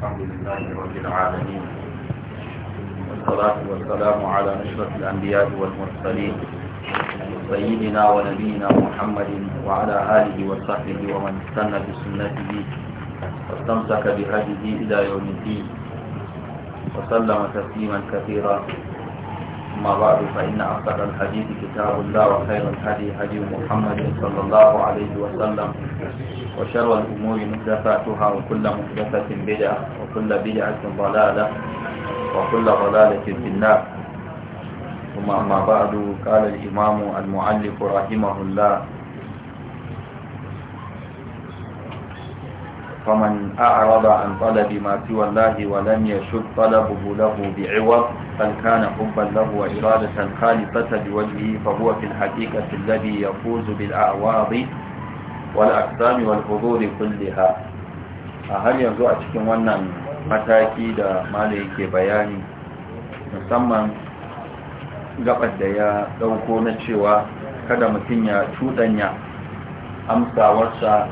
الحمد لله رب العالمين والصلاة والسلام على نشرة الأنبياء والمرسلين سيدنا ونبينا محمد وعلى آله وصحبه ومن استنى بسنته واستمسك بهديه إلى يوم الدين وسلم تسليما كثيرا أما بعد فإن أصدق الحديث كتاب الله وخير الهدي هدي محمد صلى الله عليه وسلم وشر الأمور محدثاتها وكل محدثة بدعة وكل بدعة ضلالة وكل ضلالة في النار ثم أما بعد قال الإمام المعلق رحمه الله فمن أعرض عن طلب ما سوى الله ولم يشد طلبه له بعوض بل كان حبا له وإرادة خالصة بوجهه فهو في الحقيقة الذي يفوز بالأعواض والأقسام والحضور كلها هل يرجع cikin wannan mataki da malai ke bayani musamman gabar da ya dauko na cewa kada mutum ya cudanya amsawarsa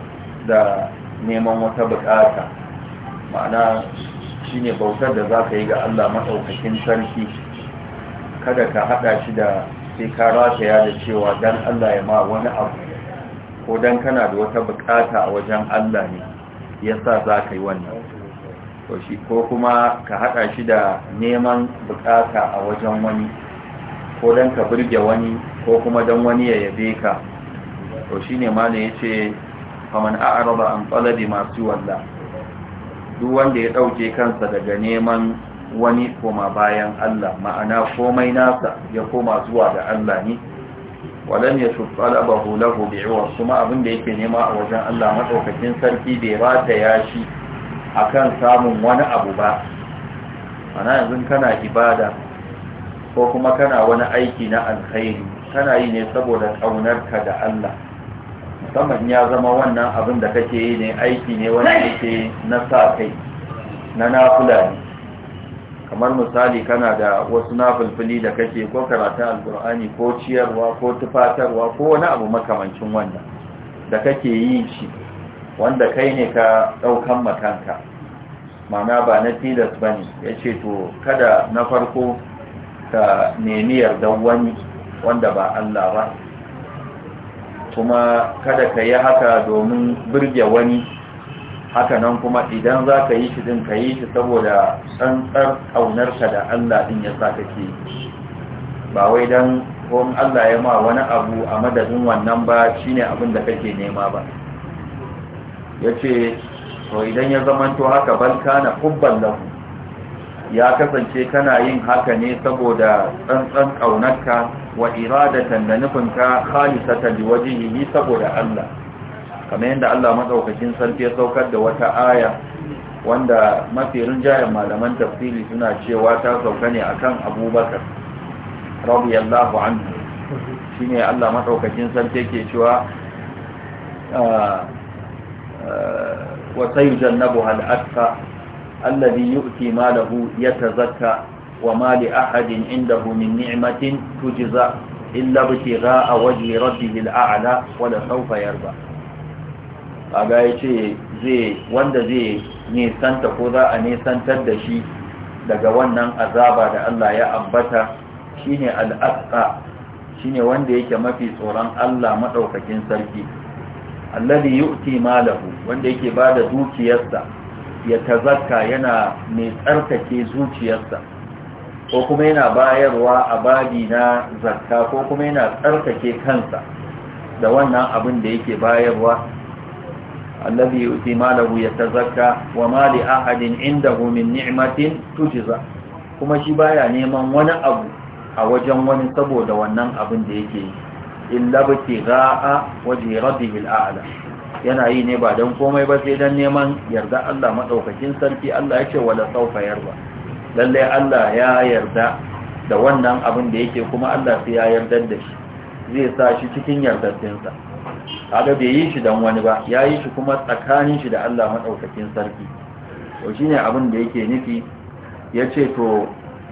da neman wata bukata ma'ana shine bautar da za ka yi ga Allah maɗaukakin sarki kada ka haɗa shi da sai ka rataya da cewa don Allah ya ma wani abu ko don kana da wata bukata a wajen Allah ne ya sa za ka yi wannan ko kuma ka haɗa shi da neman bukata a wajen wani ko don ka birge wani ko kuma don wani ya yabe ka to shi ne ma ya ce faman a'rada an talabi masu walla. duk wanda ya dauke kansa daga neman wani koma bayan Allah ma'ana komai nasa ya koma zuwa ga Allah ne walan ya shuffala bahu lahu bi'uwa kuma abin da yake nema a wajen Allah madaukakin sarki bai rata ya shi akan samun wani abu ba ana yanzu kana ibada ko kuma kana wani aiki na alkhairi kana yi ne saboda kaunar ka da Allah saman ya zama wannan abin da kake yi ne aiki ne wanda yake na sa kai na nafula ne kamar misali kana da wasu nafulfuli da kake ko karatun alkur'ani ko ciyarwa ko tufatarwa ko wani abu makamancin wannan da kake yi shi wanda kai ne ka ɗaukan makanka mana ba na tilas ba ne ya ce to kada na farko ka nemi yardar wani wanda ba Allah ba kuma kada ka yi haka domin birge wani hakanan kuma idan za ka yi shi din ka yi shi saboda tsantsar ƙaunarka da Allah din ya sa ke. ba wai don kun Allah ya ma wani abu a madadin wannan ba shine abin da kake nema ba ya ce to idan ya zamanto haka balka na kubban ya kasance kana yin haka ne saboda tsantsan ƙaunarka wa iradatan da nufinka khalisatan liwajihi saboda Allah kamar yadda Allah madaukakin sarki ya saukar da wata aya wanda mafi rinjayen malaman tafsiri suna cewa ta sauka ne akan Abubakar radiyallahu anhu ne Allah madaukakin sarki ke cewa ah, ah, wa sayujannabuha al-atqa alladhi yu'ti malahu yatazakka wa ma li ahadin indahu min ni'matin tujza illa btigha'a wajhi rabbihil a'la wa la sawfa yarda kaga yace zai wanda zai nisanta ko za a nisantar da shi daga wannan azaba da Allah ya ambata shine al shine wanda yake mafi tsoron Allah madaukakin sarki alladhi yu'ti malahu wanda yake bada dukiyarsa ya tazarka yana mai tsarkake zuciyarsa ko kuma yana bayarwa a babi na zakka ko kuma yana tsarkake kansa da wannan abin da yake bayarwa allazi yuti malahu yatazakka wa mali li ahadin indahu min ni'matin tujza kuma shi baya neman wani abu a wajen wani saboda wannan abin da yake yi illa bi ra'a wajhi rabbihil a'la yana yi ne ba don komai ba sai don neman yarda Allah maɗaukakin sarki Allah ya ce wadda saufa yarda lallai Allah ya yarda da wannan abin da yake kuma Allah sai ya yarda da shi zai sa shi cikin yardattinsa Haka bai yi shi don wani ba ya yi shi kuma tsakanin shi da Allah maɗaukakin sarki to shine abin da yake nufi ya ce to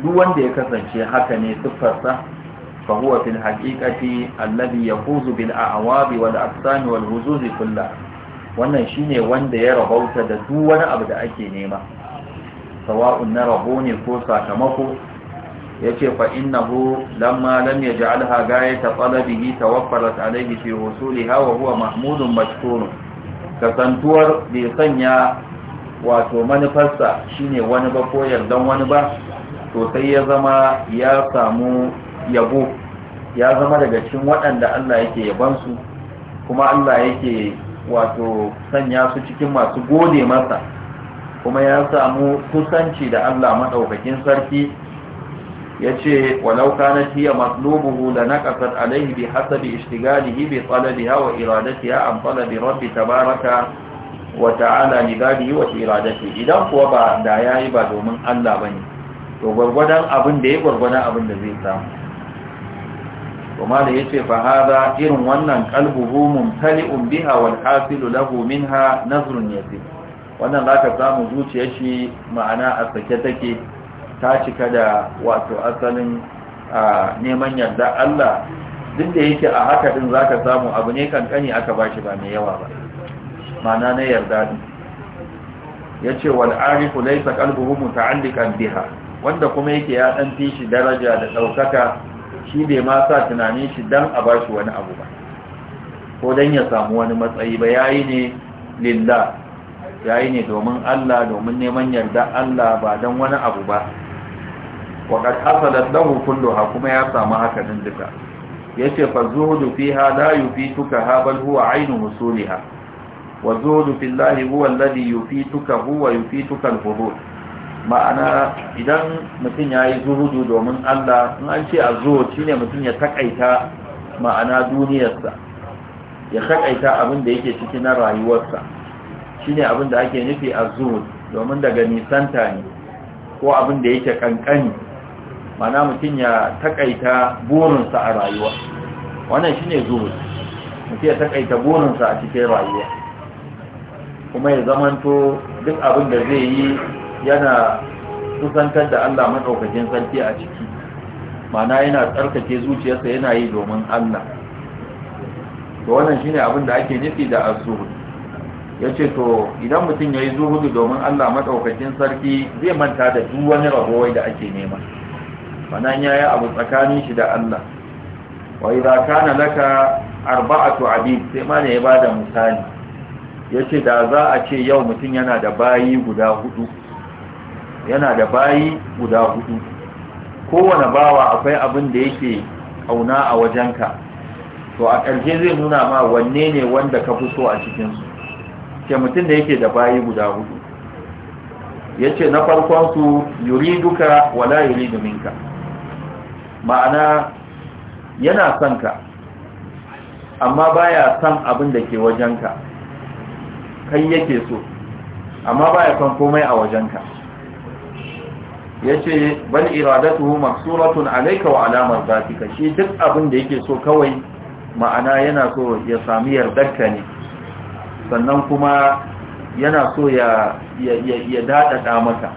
duk wanda ya kasance haka ne siffarsa فهو في الحقيقة الذي يفوز بالأعواب والأقسام والهزوز كلها wannan shine wanda ya rahauta da duk abu da ake nema sawa'un na rabo ne ko sakamako ce fa innahu lamma lam yaj'alha gayata talabihi tawaffarat alaihi fi wusuliha hawa huwa mahmudun mashkurun kasantuwar bai sanya wato manufarsa shine wani ba ko yardan wani ba to sai ya zama ya samu yabo ya zama daga cikin waɗanda Allah yake yabansu kuma Allah yake wato sanya su cikin masu gode masa kuma ya samu kusanci da Allah maɗaukakin sarki ya ce walau kana hiya matlubuhu la naqasat alayhi bi hasabi ishtigalihi bi talabiha wa iradatiha an talabi rabbi tabaraka wa ta'ala libadihi wa iradatihi idan kuwa ba da yayi ba domin Allah bane to gwargwadon abin da ya gurgurdan abin da zai samu kuma da yace fa hada irin wannan qalbuhu mumtali'un biha wal hasilu lahu minha nazrun yasir wannan zaka samu zuciyar shi ma'ana a sake take ta cika da wato asalin neman yarda Allah duk da yake a haka din zaka samu abu ne kankani aka bashi ba mai yawa ba ma'ana na yarda din yace wal arifu laysa qalbuhu muta'alliqan biha wanda kuma yake ya dan fi shi daraja da daukaka shi bai ma sa tunanin shi dan a ba shi wani abu ba ko dan ya samu wani matsayi ba yayi ne lillah yayi ne domin Allah domin neman yarda Allah ba dan wani abu ba waqad hasalat lahu ha kuma ya samu haka din duka yace fa zuhudu fiha la yufituka ha bal huwa ainu musuliha wa zuhudu fillahi huwa alladhi yufituka huwa yufituka al ma'ana idan mutum ya yi zuhudu domin Allah in an ce a zuwa shi ne mutum ya takaita ma'ana duniyarsa ya takaita abin da yake ciki na rayuwarsa shi ne abin da ake nufi a zuwa domin daga nisanta ne ko abin da yake kankani ma'ana mutum ya takaita burinsa a rayuwa wannan shi ne zuwa mutum ya takaita burinsa a cikin rayuwa kuma ya zamanto duk abin da zai yi yana kusantar da Allah maɗaukakin sarki a ciki mana yana tsarkake zuciyarsa yana yi domin Allah to wannan shine abin da ake nufi da az Ya yace to idan mutum yayi zuhudu domin Allah maɗaukakin sarki zai manta da duk wani rabo da ake nema mana yi abu tsakanin shi da Allah wa idza kana laka arba'atu abid sai mana ya bada misali yace da za a ce yau mutum yana da bayi guda hudu yana da bayi guda hudu kowane bawa akwai abin da yake kauna a wajenka to a ƙarshe zai nuna ma wanne ne wanda ka fi so a su ke mutum da yake da bayi guda hudu ya ce na su, yuri duka wala yuri minka ma'ana yana son ka amma baya son abin da ke wajenka kai yake so amma baya son komai a wajenka yace bal iradatuhu maksuratun alayka wa ala zatika shi duk abin da yake so kawai ma'ana yana so ya sami yardarka ne sannan kuma yana so ya ya dadada maka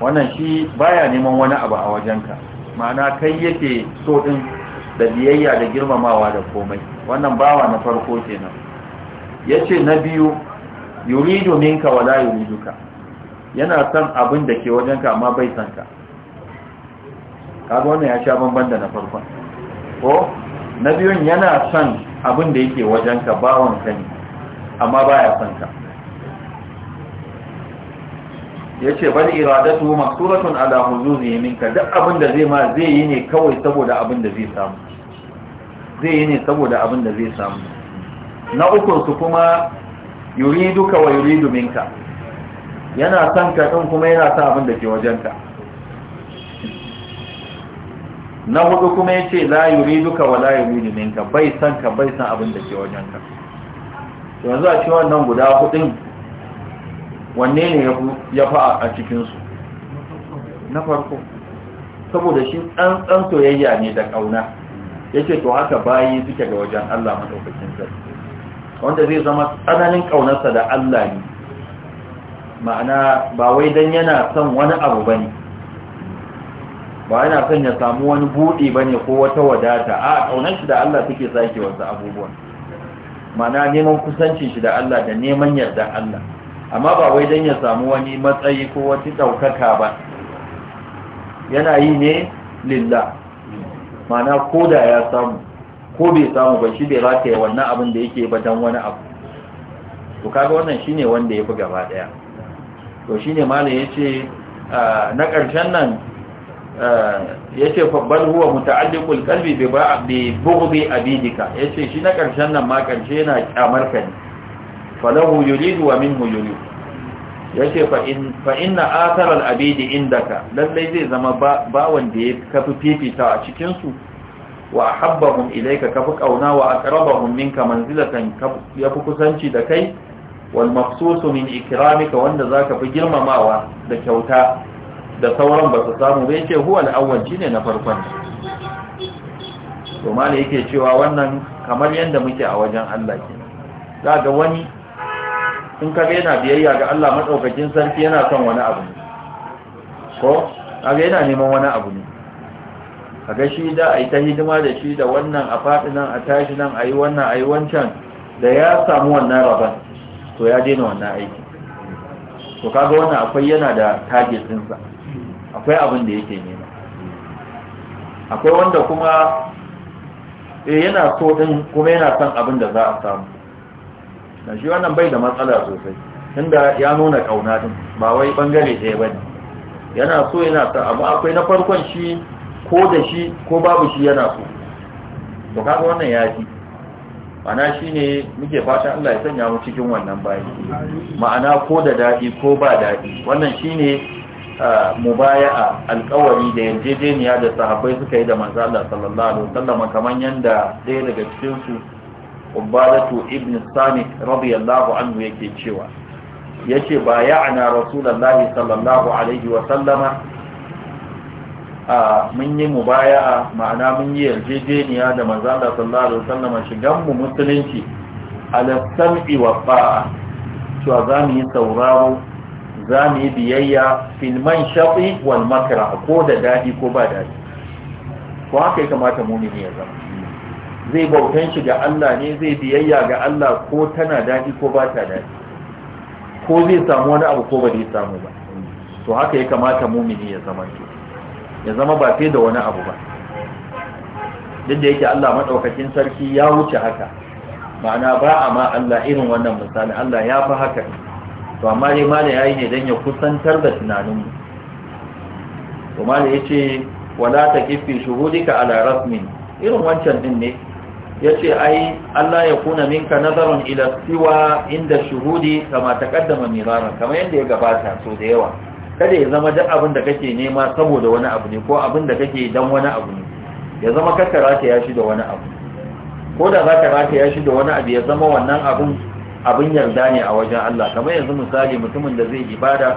wannan shi baya neman wani abu a wajenka ma'ana kai yake so din da biyayya da girmamawa da komai wannan bawa na farko kenan yace na biyu yuridu minka wala yuriduka yana son abin da ke wajenka amma bai son ka kaga wannan ya sha bamban da na farkon ko na biyun yana son abin da yake wajenka bawon ka ne amma baya son ka ya ce bal iradatu maksuratun ala huzuzi minka duk abin da zai ma zai yi ne kawai saboda abin da zai samu zai yi ne saboda abin da zai samu na uku su kuma yuriduka wa yuridu minka yana son ka ɗin kuma yana son abin da ke ka. na hudu kuma ya ce la yuri duka wa la yuri minka bai san ka bai son abin da ke wajenka yanzu a ce wannan guda hudun wanne ne ya fi a cikinsu na farko saboda shi tsantsan soyayya ne da ƙauna ya ce to haka bayi suke ga wajen Allah maɗaukakin sarki wanda zai zama tsananin ƙaunarsa da Allah ne ma'ana ba wai dan yana son wani abu bane ba yana son ya samu wani buɗe bane ko wata wadata a kaunar shi da Allah take sake wasu abubuwan ma'ana neman kusancin shi da Allah da neman yarda Allah amma ba wai dan ya samu wani matsayi ko wata daukaka ba yana yi ne lillah ma'ana ko da ya samu ko bai samu ba shi bai rataya wannan abin da yake ba dan wani abu to kaga wannan shine wanda ya fi gaba ɗaya. to shine malam ce ah, na ƙarshen nan ah, yace fabbal huwa muta'alliqul qalbi bi bi bughdi abidika yace shi na ƙarshen nan ma ƙarshe yana kyamar ka ne falahu yuridu wa minhu yuridu yace fa in fa inna athar al abidi indaka lallai zai zama bawan da ya kafi fifita a cikinsu su wa ahabbahum ilayka kafi ƙauna wa aqrabahum minka manzilatan yafi kusanci da kai wal maqsusu min ikramika wanda zaka fi girmamawa da kyauta da sauran ba su samu ba yake huwa al-awwal shine na farkon to mala yake cewa wannan kamar yanda muke a wajen Allah ke zaka wani in ga yana biyayya ga Allah madaukakin sarki yana son wani abu ko ga yana neman wani abu ne ga shi da ai ta hidima da shi da wannan a faɗi nan a tashi nan ayi wannan ayi wancan da ya samu wannan rabon to ya daina wannan aiki to kaga wannan akwai yana da target sa. akwai abin da yake nema akwai wanda kuma eh, yana so din kuma yana son abin da za a samu dan shi wannan bai da matsala sosai inda ya nuna ƙauna din ba wai bangare ɗaya ba ne yana so yana son amma akwai na farkon shi ko da shi ko babu shi yana so to kaga wannan ya fi ma'ana shi ne muke fatan Allah ya sanya mu cikin wannan bayi ma'ana ko da daɗi ko ba daɗi wannan shi ne shine uh, a alƙawari da yarjejeniya da sahabbai suka yi da manzan Allah sallallahu alaihi wasallam kamar yanda ɗaya daga cikinsu, su Ubadatu ibn Samit radiyallahu anhu yake cewa yace ba ya'ana rasulullahi sallallahu alaihi wasallama mun yi mubaya'a ma'ana mun yi yarjejeniya da manzo da sallallahu alaihi wasallam shigan mu musulunci ala sam'i wa ta'a cewa za mu yi sauraro za mu yi biyayya fil man wal makra ko da dadi ko ba dadi ko haka ya kamata mu'mini ya zama zai bautan shi ga Allah ne zai biyayya ga Allah ko tana dadi ko ba ta dadi ko zai samu wani abu ko ba zai samu ba to haka ya kamata mu'mini ya zama to ya zama ba sai da wani abu ba duk da yake Allah maɗaukacin sarki ya wuce haka ma'ana ba a ma Allah irin wannan misali Allah ya fi haka to amma dai ya yayi ne don ya kusantar da tunaninmu to ya yace wala taqifi shuhudika ala rasmin irin wancan din ne ya ce ai Allah ya kuna minka nazarin ila siwa inda shuhudi kama takaddama miraran kama yadda ya gabata so da yawa kada ya zama duk abin da kake nema saboda wani abu ne ko abin da kake dan wani abu ne ya zama kakka rataya shi da wani abu ko da za ka rataya shi da wani abu ya zama wannan abin abin yarda ne a wajen Allah kamar yanzu misali mutumin da zai ibada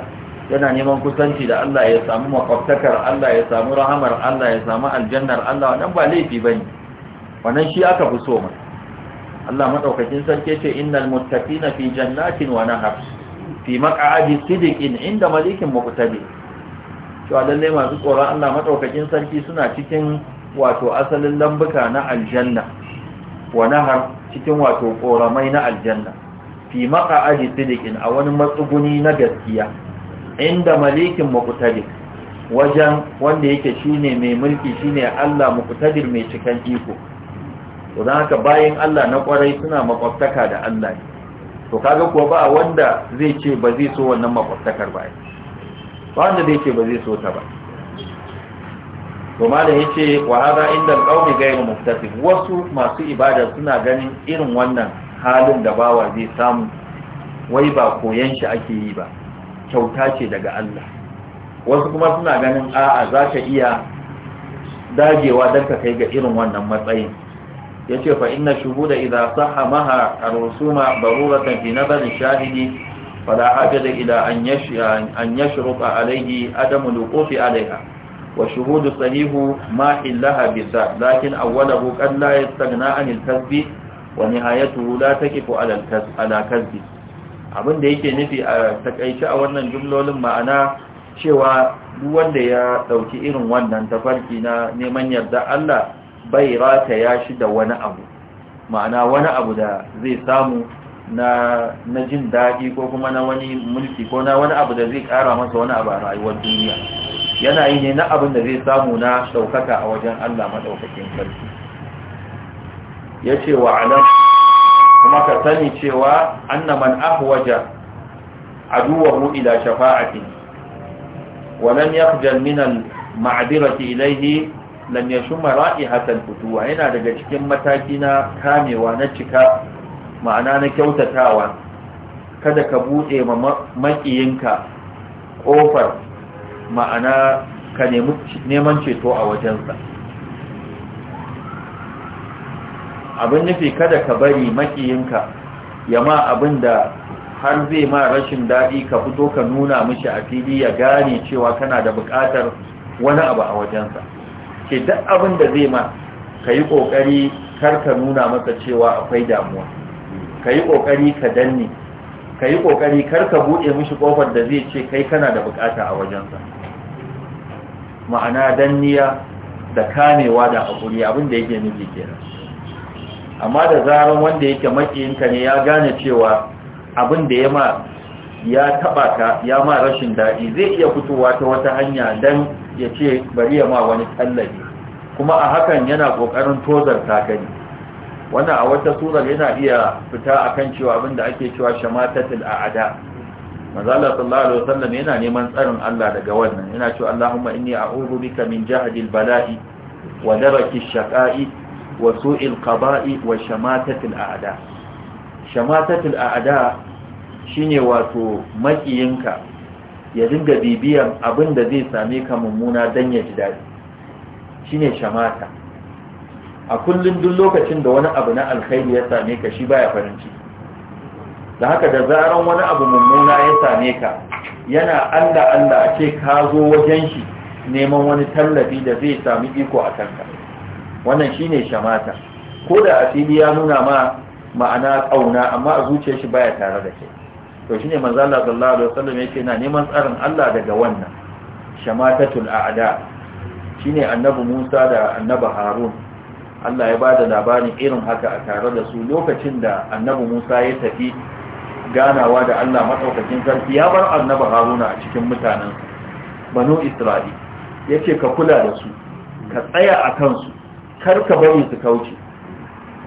yana neman kusanci da Allah ya samu makwabtakar Allah ya samu rahamar Allah ya samu aljannar Allah wannan ba laifi bane wannan shi aka fi so ma Allah madaukakin sarki ce innal muttaqina fi jannatin wa nahar fi maq'adi sidiqin inda malikin muqtadi to lalle masu tsoron Allah madaukakin sarki suna cikin wato asalin lambuka na aljanna wa nahar cikin wato koramai na aljanna fi maq'adi sidiqin a wani matsuguni na gaskiya inda malikin muqtadi wajen wanda yake shine mai mulki shine Allah muqtadir mai cikan iko to dan haka bayan Allah na kwarai suna makwabtaka da Allah ne to kaga kuwa ba wanda zai ce ba zai so wannan makwabtakar ba ba wanda zai ce ba zai so ta ba kuma da yace wa hada inda alqawmi ghayru muftasib wasu masu ibada suna ganin irin wannan halin da bawa zai samu wai ba koyan shi ake yi ba kyauta ce daga Allah wasu kuma suna ganin a'a za ka iya dagewa don ka kai ga irin wannan matsayin yace fa inna shuhuda idan sahha maha ar-rusuma daruratan fi nazar shahidi fala hajata an yashra an yashruta alayhi adamu luqufi wa shuhudu sahihu ma illaha bisa lakin awwalahu qad la yastaghna tsagna al-kasbi wa nihayatuhu la takifu ala ala kasbi abinda yake nufi a takaice a wannan jumlolin ma'ana cewa duk wanda ya dauki irin wannan tafarki na neman yarda Allah bai rata ya shi da wani abu ma'ana wani abu da zai samu na jin daɗi ko kuma na wani mulki ko na wani abu da zai ƙara masa wani abu a rayuwar duniya yana yi ne na abin da zai samu na ɗaukaka a wajen Allah maɗaukakin sarki ya ce wa alam kuma ka sani cewa anna man ahwaja aduwahu ila shafa'ati wa lam yakhjal min al ma'dirati ilayhi lam Maraɗi ra'ihatal futuwa yana daga cikin mataki na kamewa na cika ma'ana na kyautatawa kada ka bude ma makiyinka kofar ma'ana ka neman ceto a wajensa abin nufi kada ka bari makiyinka ya ma abin da har zai ma rashin daɗi ka fito ka nuna mashi a fili ya gane cewa kana da buƙatar wani abu a wajensa ke duk abin da zai ma ka yi ƙoƙari kar ka nuna masa cewa akwai damuwa ka yi ƙoƙari ka danne ka yi ƙoƙari kar ka buɗe mishi ƙofar da zai ce kai kana da buƙata a wajensa ma'ana danniya da kamewa da haƙuri abin da yake nufi kenan amma da zaran wanda yake makiyinka ne ya gane cewa abin da ya ma ya taɓa ka ya ma rashin daɗi zai iya fitowa ta wata hanya dan. ya ce bari ya ma wani tallafi kuma a hakan yana kokarin tozar takani wannan a wata surar yana iya fita akan cewa abinda ake cewa shamatatul a'ada manzo sallallahu alaihi wasallam yana neman tsarin Allah daga wannan yana cewa Allahumma inni a'udhu bika min jahdil bala'i wa darakish shaqa'i wa su'il qada'i wa shamatatul a'ada shamatatul a'ada shine wato makiyinka ya dinga bibiyan abin da zai same ka mummuna don ya ji daɗi shine shamata a kullum duk lokacin da wani abu na alkhairi ya same ka shi baya farin ciki da haka da zaran wani abu mummuna ya same ka yana allah allah a ce ka zo wajen shi neman wani tallafi da zai sami iko a kanka wannan shine shamata ko da asili ya nuna ma ma'ana ƙauna amma a zuciyar shi baya tare da kai to shine manzo Allah sallallahu alaihi wasallam yake na neman tsarin Allah daga wannan shamatatul a'da shine annabi Musa da annabi Harun Allah ya bada labarin irin haka a tare da su lokacin da annabi Musa ya tafi ganawa da Allah madaukakin sarki ya bar annabi Haruna a cikin mutanen banu Isra'il yace ka kula da su ka tsaya a kansu kar ka bari su kauce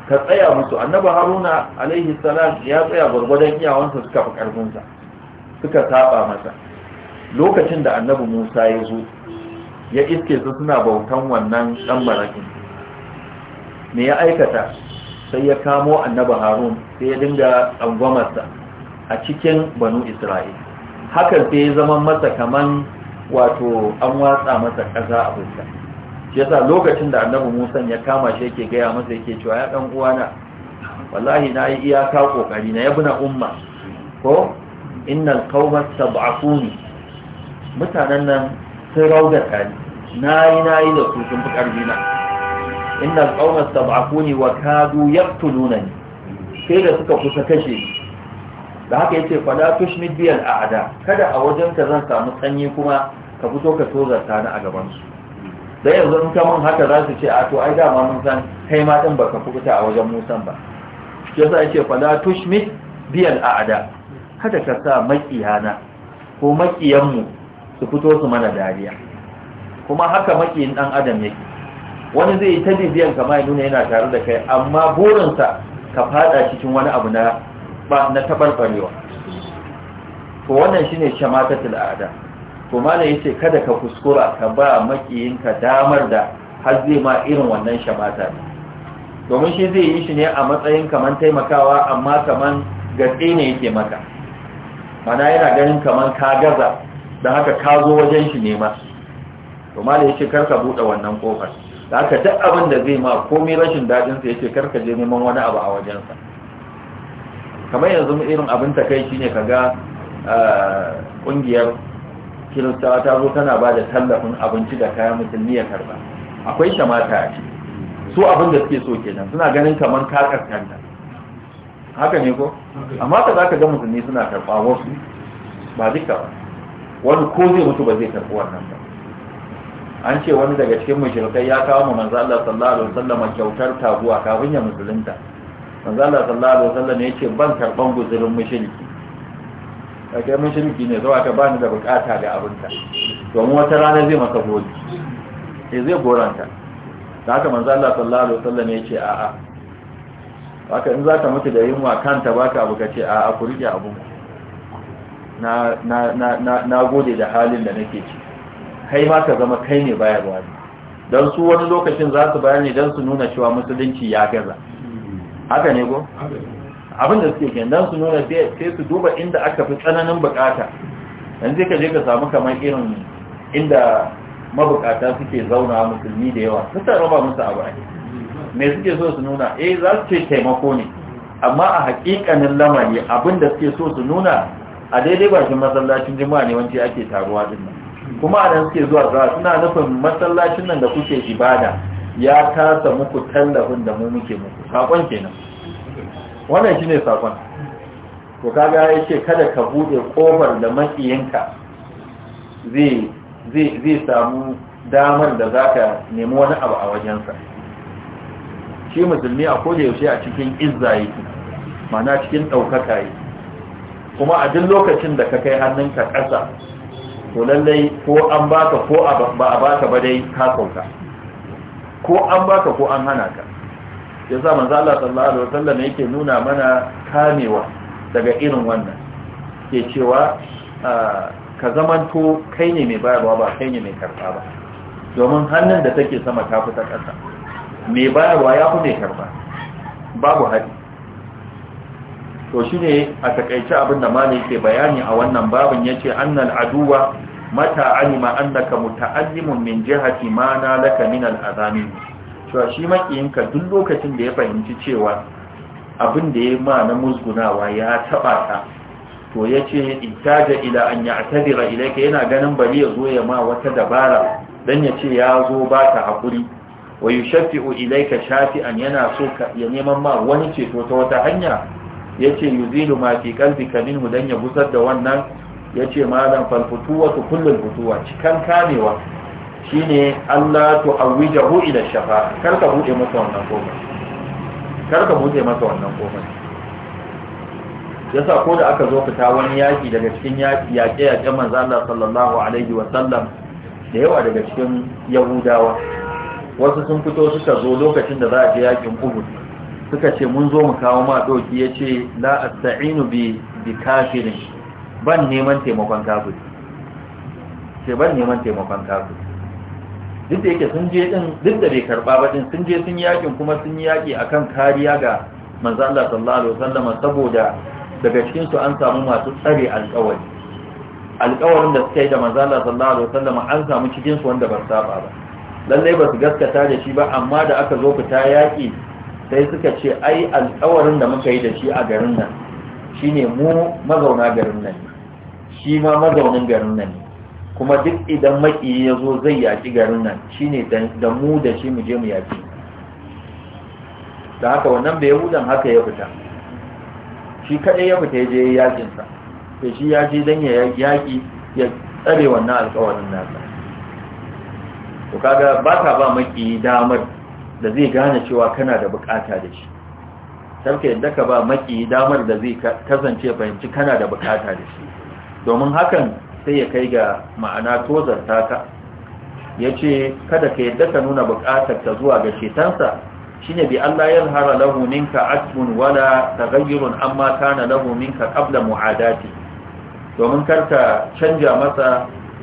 ka tsaya musu annabi haruna alaihi salam ya tsaya gwargwadon iyawansa suka fi karfinsa suka saba masa lokacin da annabi musa ya zo ya iske su suna bautan wannan dan barakin me ya aikata sai ya kamo annabi harun sai ya dinga tsangwamarsa a cikin banu isra'il Haka sai ya zama masa kaman wato an watsa masa ƙasa a fuska yasa lokacin da annabi Musa ya kama shi yake gaya masa yake cewa ya dan uwana wallahi na yi iyaka kokari na yabna umma ko innal qauma tab'afuni mutanen nan sun na yi na nayi da su sun fi karfi na innal qauma tab'afuni wa kadu yaqtulunani sai da suka kusa kashe ni da haka yace fada tushmid bi al a'da kada a wajen ka zan samu sanyi kuma ka fito ka tozarta ni a gaban su da yanzu in kaman haka za su ce a to ai dama mun san kai ma din baka fukuta a wajen musan ba shi yasa yake fala tushmit al a'da kada ka sa makiyana ko makiyan mu su fito su mana dariya kuma haka makiyin dan adam yake wani zai yi ta bibiyan kama ya nuna yana tare da kai amma burinsa ka fada cikin wani abu na na tabarbarewa to wannan shine shamatatul a'da to malam yace kada ka kuskura ka ba makiyinka damar da har zai ma irin wannan shabata domin shi zai yi shi ne a matsayin kaman taimakawa amma kaman gatsi ne yake maka mana yana ganin kaman ka gaza don haka ka zo wajen shi nema to malam yace kar ka bude wannan kofar da haka duk abin da zai ma komai rashin dadin sa yace kar ka je neman wani abu a wajensa kamar yanzu irin abin takaici ne ga eh, ƙungiyar kiristawa ta zo tana ba da tallafin abinci da kayan musulmi ya karba akwai shamata a ce. su abin da suke so kenan suna ganin kamar kakar kaskanta haka ne ko amma ka zaka ga musulmi suna karba wasu ba duka ba wani ko zai mutu ba zai karbi wannan ba an ce wani daga cikin mushrikai ya kawo mu manzo sallallahu alaihi wasallam kyautar taguwa kafin ya musulunta Manzala sallallahu alaihi wasallam ya ce ban karban guzurin mashirki a kai mun shirki ne zuwa ka da ni da bukata ta. abinka domin wata rana zai maka gori sai eh, zai goranta da haka manzo Allah sallallahu alaihi wasallam ya ce a'a haka in zaka mutu da yunwa kanta baka abu kace a'a ku rike abun na na na na gode da halin da nake ci kai ma ka zama kai ne bayarwa ne don su wani lokacin za su bayar ne don su nuna cewa musulunci ya gaza haka ne go abin da suke kenan su nuna sai su duba inda aka fi tsananin bukata dan zai ka je ka samu kamar irin inda mabukata suke zauna musulmi da yawa su ta raba musu abu ake me suke so su nuna eh za su ce taimako ne amma a hakikanin lamari abin da suke so su nuna a daidai bakin masallacin juma'a ne wance ake taruwa din nan kuma a nan suke zuwa za suna nufin masallacin nan da kuke ibada ya kasa muku tallafin da mu muke muku sakon kenan wannan shi ne sakon to kaga ya ce kada ka bude kofar da makiyinka zai samu damar da zaka nemi wani abu a wajensa shi musulmi a koda yaushe a cikin izza yake mana cikin daukaka yi kuma a duk lokacin da ka kai hannunka ƙasa to lallai ko an baka ko ba a baka ba dai ka sauka ko an baka ko an hana ka Ya sa manzo Allah sallallahu alaihi wasallam yake nuna mana kamewa daga irin wannan ke cewa ah, ka zamanto kai ne mai bayarwa ba kai ne mai karba ba domin hannun da take sama ta fita ƙasa mai bayarwa ya fi mai karba babu haɗi to shi ne a takaice abin da malai ke bayani a wannan babin ya ce annal aduwa mata anima annaka muta'allimun min jihati ma na laka min cewa shi makiyinka duk lokacin da ya fahimci cewa abin da ya ma na musgunawa ya taɓa ta to ya ce itaja ila an ya atadira ilaika yana ganin bari ya zo ya ma wata dabara dan ya ce ya zo ba ta hakuri wa yushafi'u ilaika shafi'an yana so ya neman ma wani ceto ta wata hanya yace yuzilu ma fi minhu dan ya gusar da wannan yace malam falfutuwa kullum futuwa cikan kamewa shine Allah hu ila shafa kar ka bude masa wannan kofar kar ka bude masa wannan goma yasa ko da aka zo fita wani yaki daga cikin yaƙe ya manzo Allah sallallahu alaihi wa sallam da yawa daga cikin yahudawa wasu sun fito suka zo lokacin da za a je yakin Uhud suka ce mun zo mu kawo ma doki yace la asta'inu bi bi kafirin ban neman taimakon kafiri ce ban neman taimakon kafiri duk da yake sun je din duk da bai karba ba din sun je sun yakin kuma sun yaki akan kariya ga manzo Allah sallallahu alaihi wasallam saboda daga cikin su an samu masu tsare alƙawari alƙawarin da suka yi da manzo Allah sallallahu alaihi wasallam an samu cikin su wanda ba saba ba lalle ba su gaskata da shi ba amma da aka zo fita yaki sai suka ce ai alƙawarin da muka yi da shi a garin nan shine mu mazauna garin nan shi ma mazaunin garin nan ne kuma duk idan maƙiyi ya zo zai yaƙi garin nan shine da mu da shi mu je mu yaƙi da haka wannan bai yahudan haka ya fita shi kaɗai ya fita ya je yaƙinsa sai shi ya je don ya yaƙi ya tsare wannan alƙawarin nasa to kaga ba ka ba maƙiyi damar da zai gane cewa kana da buƙata da shi sarki yadda ka ba maƙiyi damar da zai kasance fahimci kana da buƙata da shi domin hakan sai ya kai ga ma'ana tozarta ka ya ce kada ka yadda ka nuna buƙatar ta zuwa ga shetansa shi ne bi Allah ya hara lahu minka asmun wala taghayyurun amma kana lahu ka qabla mu'adati domin karka canja masa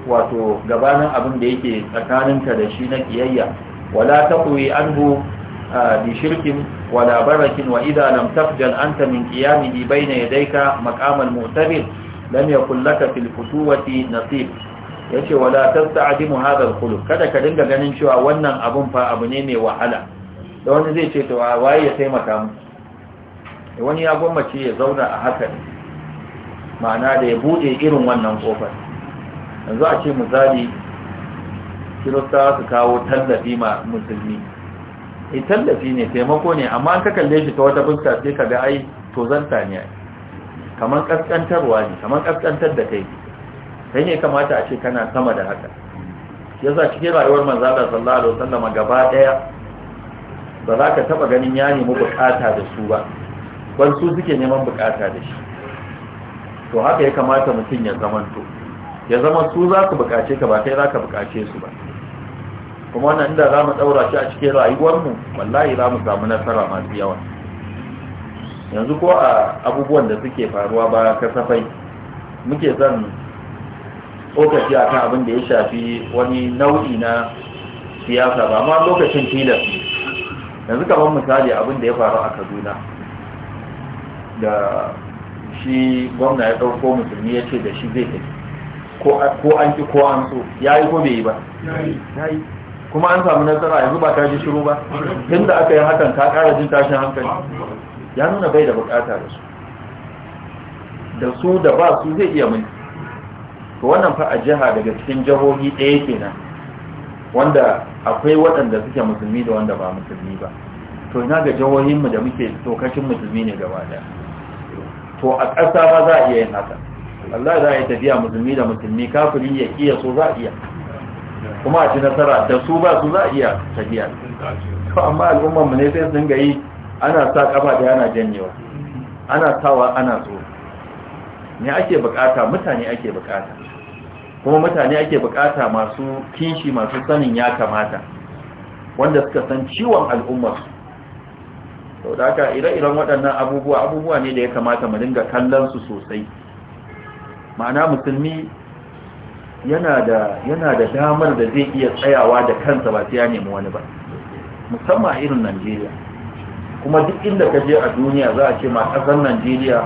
wato gabanin abin da yake tsakaninka da shi na kiyayya wala taqwi anhu bi shirkin wala barakin wa idza lam tafjal anta min qiyamihi bayna yadayka maqamal mu'tabir lam yakul laka fil futuwati nasib yace wala tasta'dimu hadha al khuluq kada ka dinga ganin cewa wannan abun fa abu ne mai wahala da wani zai ce to waye ya taimaka mu wani ya gwammace ya zauna a haka ma'ana da ya bude irin wannan kofar yanzu a ce misali kiristawa su kawo tallafi ma musulmi e tallafi ne taimako ne amma ka kalle shi ta wata fuska sai ka ga ai to zanta ne ai kamar kaskantarwa ne kamar kaskantar da kai sai ne kamata a ce kana sama da haka yasa cikin rayuwar manzo Allah sallallahu alaihi wasallam gaba daya ba za ka taba ganin ya nemi bukata da su ba ban su suke neman bukata da shi to haka ya kamata mutum ya to ya zama su za ka bukace ka ba kai za ka bukace su ba kuma wannan inda za mu daura shi a cikin rayuwarmu wallahi za mu samu nasara masu yawa yanzu ko a abubuwan da suke faruwa ba kasafai muke son tsokaci a kan abin da ya shafi wani nau'i na siyasa ba ma lokacin tilas yanzu kamar misali abin da ya faru a kaduna da shi gwamna ya ɗauko musulmi ya ce da shi zai tafi ko an ki ko an so ya yi ko bai yi ba kuma an samu nasara yanzu ba ta ji shiru ba tun da aka yi hakan ka ƙara jin tashin hankali ya nuna bai da bukata da su da su da ba su zai iya mulki to wannan fa a jiha daga cikin jihohi ɗaya kenan wanda akwai waɗanda suke musulmi da wanda ba musulmi ba to ina ga jihohinmu da muke tokacin musulmi ne gaba da to a ƙasa ba za a iya yin haka Allah za a yi tafiya musulmi da musulmi kafiri ya iya so za a iya kuma a ci nasara da su ba su za a iya tafiya to amma al'ummarmu ne sai su dinga yi ana sa kafa da yana janyewa ana sawa ana so ne ake bukata mutane ake bukata kuma mutane ake bukata masu kinshi masu sanin ya kamata wanda suka san ciwon al'ummarsu sau da haka ire-iren waɗannan abubuwa abubuwa ne da ya kamata mu dinga kallon su sosai ma'ana musulmi yana da damar da zai iya tsayawa da kansa ba sai ya nemi wani ba musamman irin najeriya kuma duk inda ka je a duniya za a ce ma ƙasar najeriya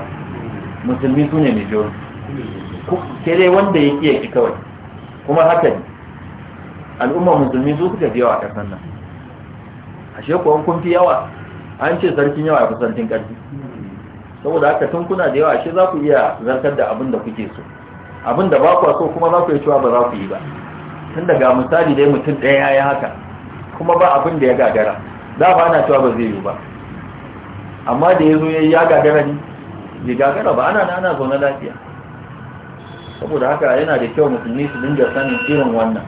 musulmi su ne majority sai dai wanda ya ƙi yaki kawai kuma haka ne al'ummar musulmi su suka fi yawa a ƙasar nan ashe kuwa kun fi yawa an ce sarkin yawa ya fi sarkin ƙarfi saboda haka tun kuna da yawa ashe za ku iya zartar da abin da kuke so abin da ba ku so kuma za ku yi cewa ba za ku yi ba tun daga misali dai mutum ɗaya ya haka kuma ba abin da ya gagara da ba ana cewa ba zai yi ba amma da ya zo ya yi ya gagara ne ya gagara ba ana ana zaune lafiya saboda haka yana da kyau musulmi su dinga sanin irin wannan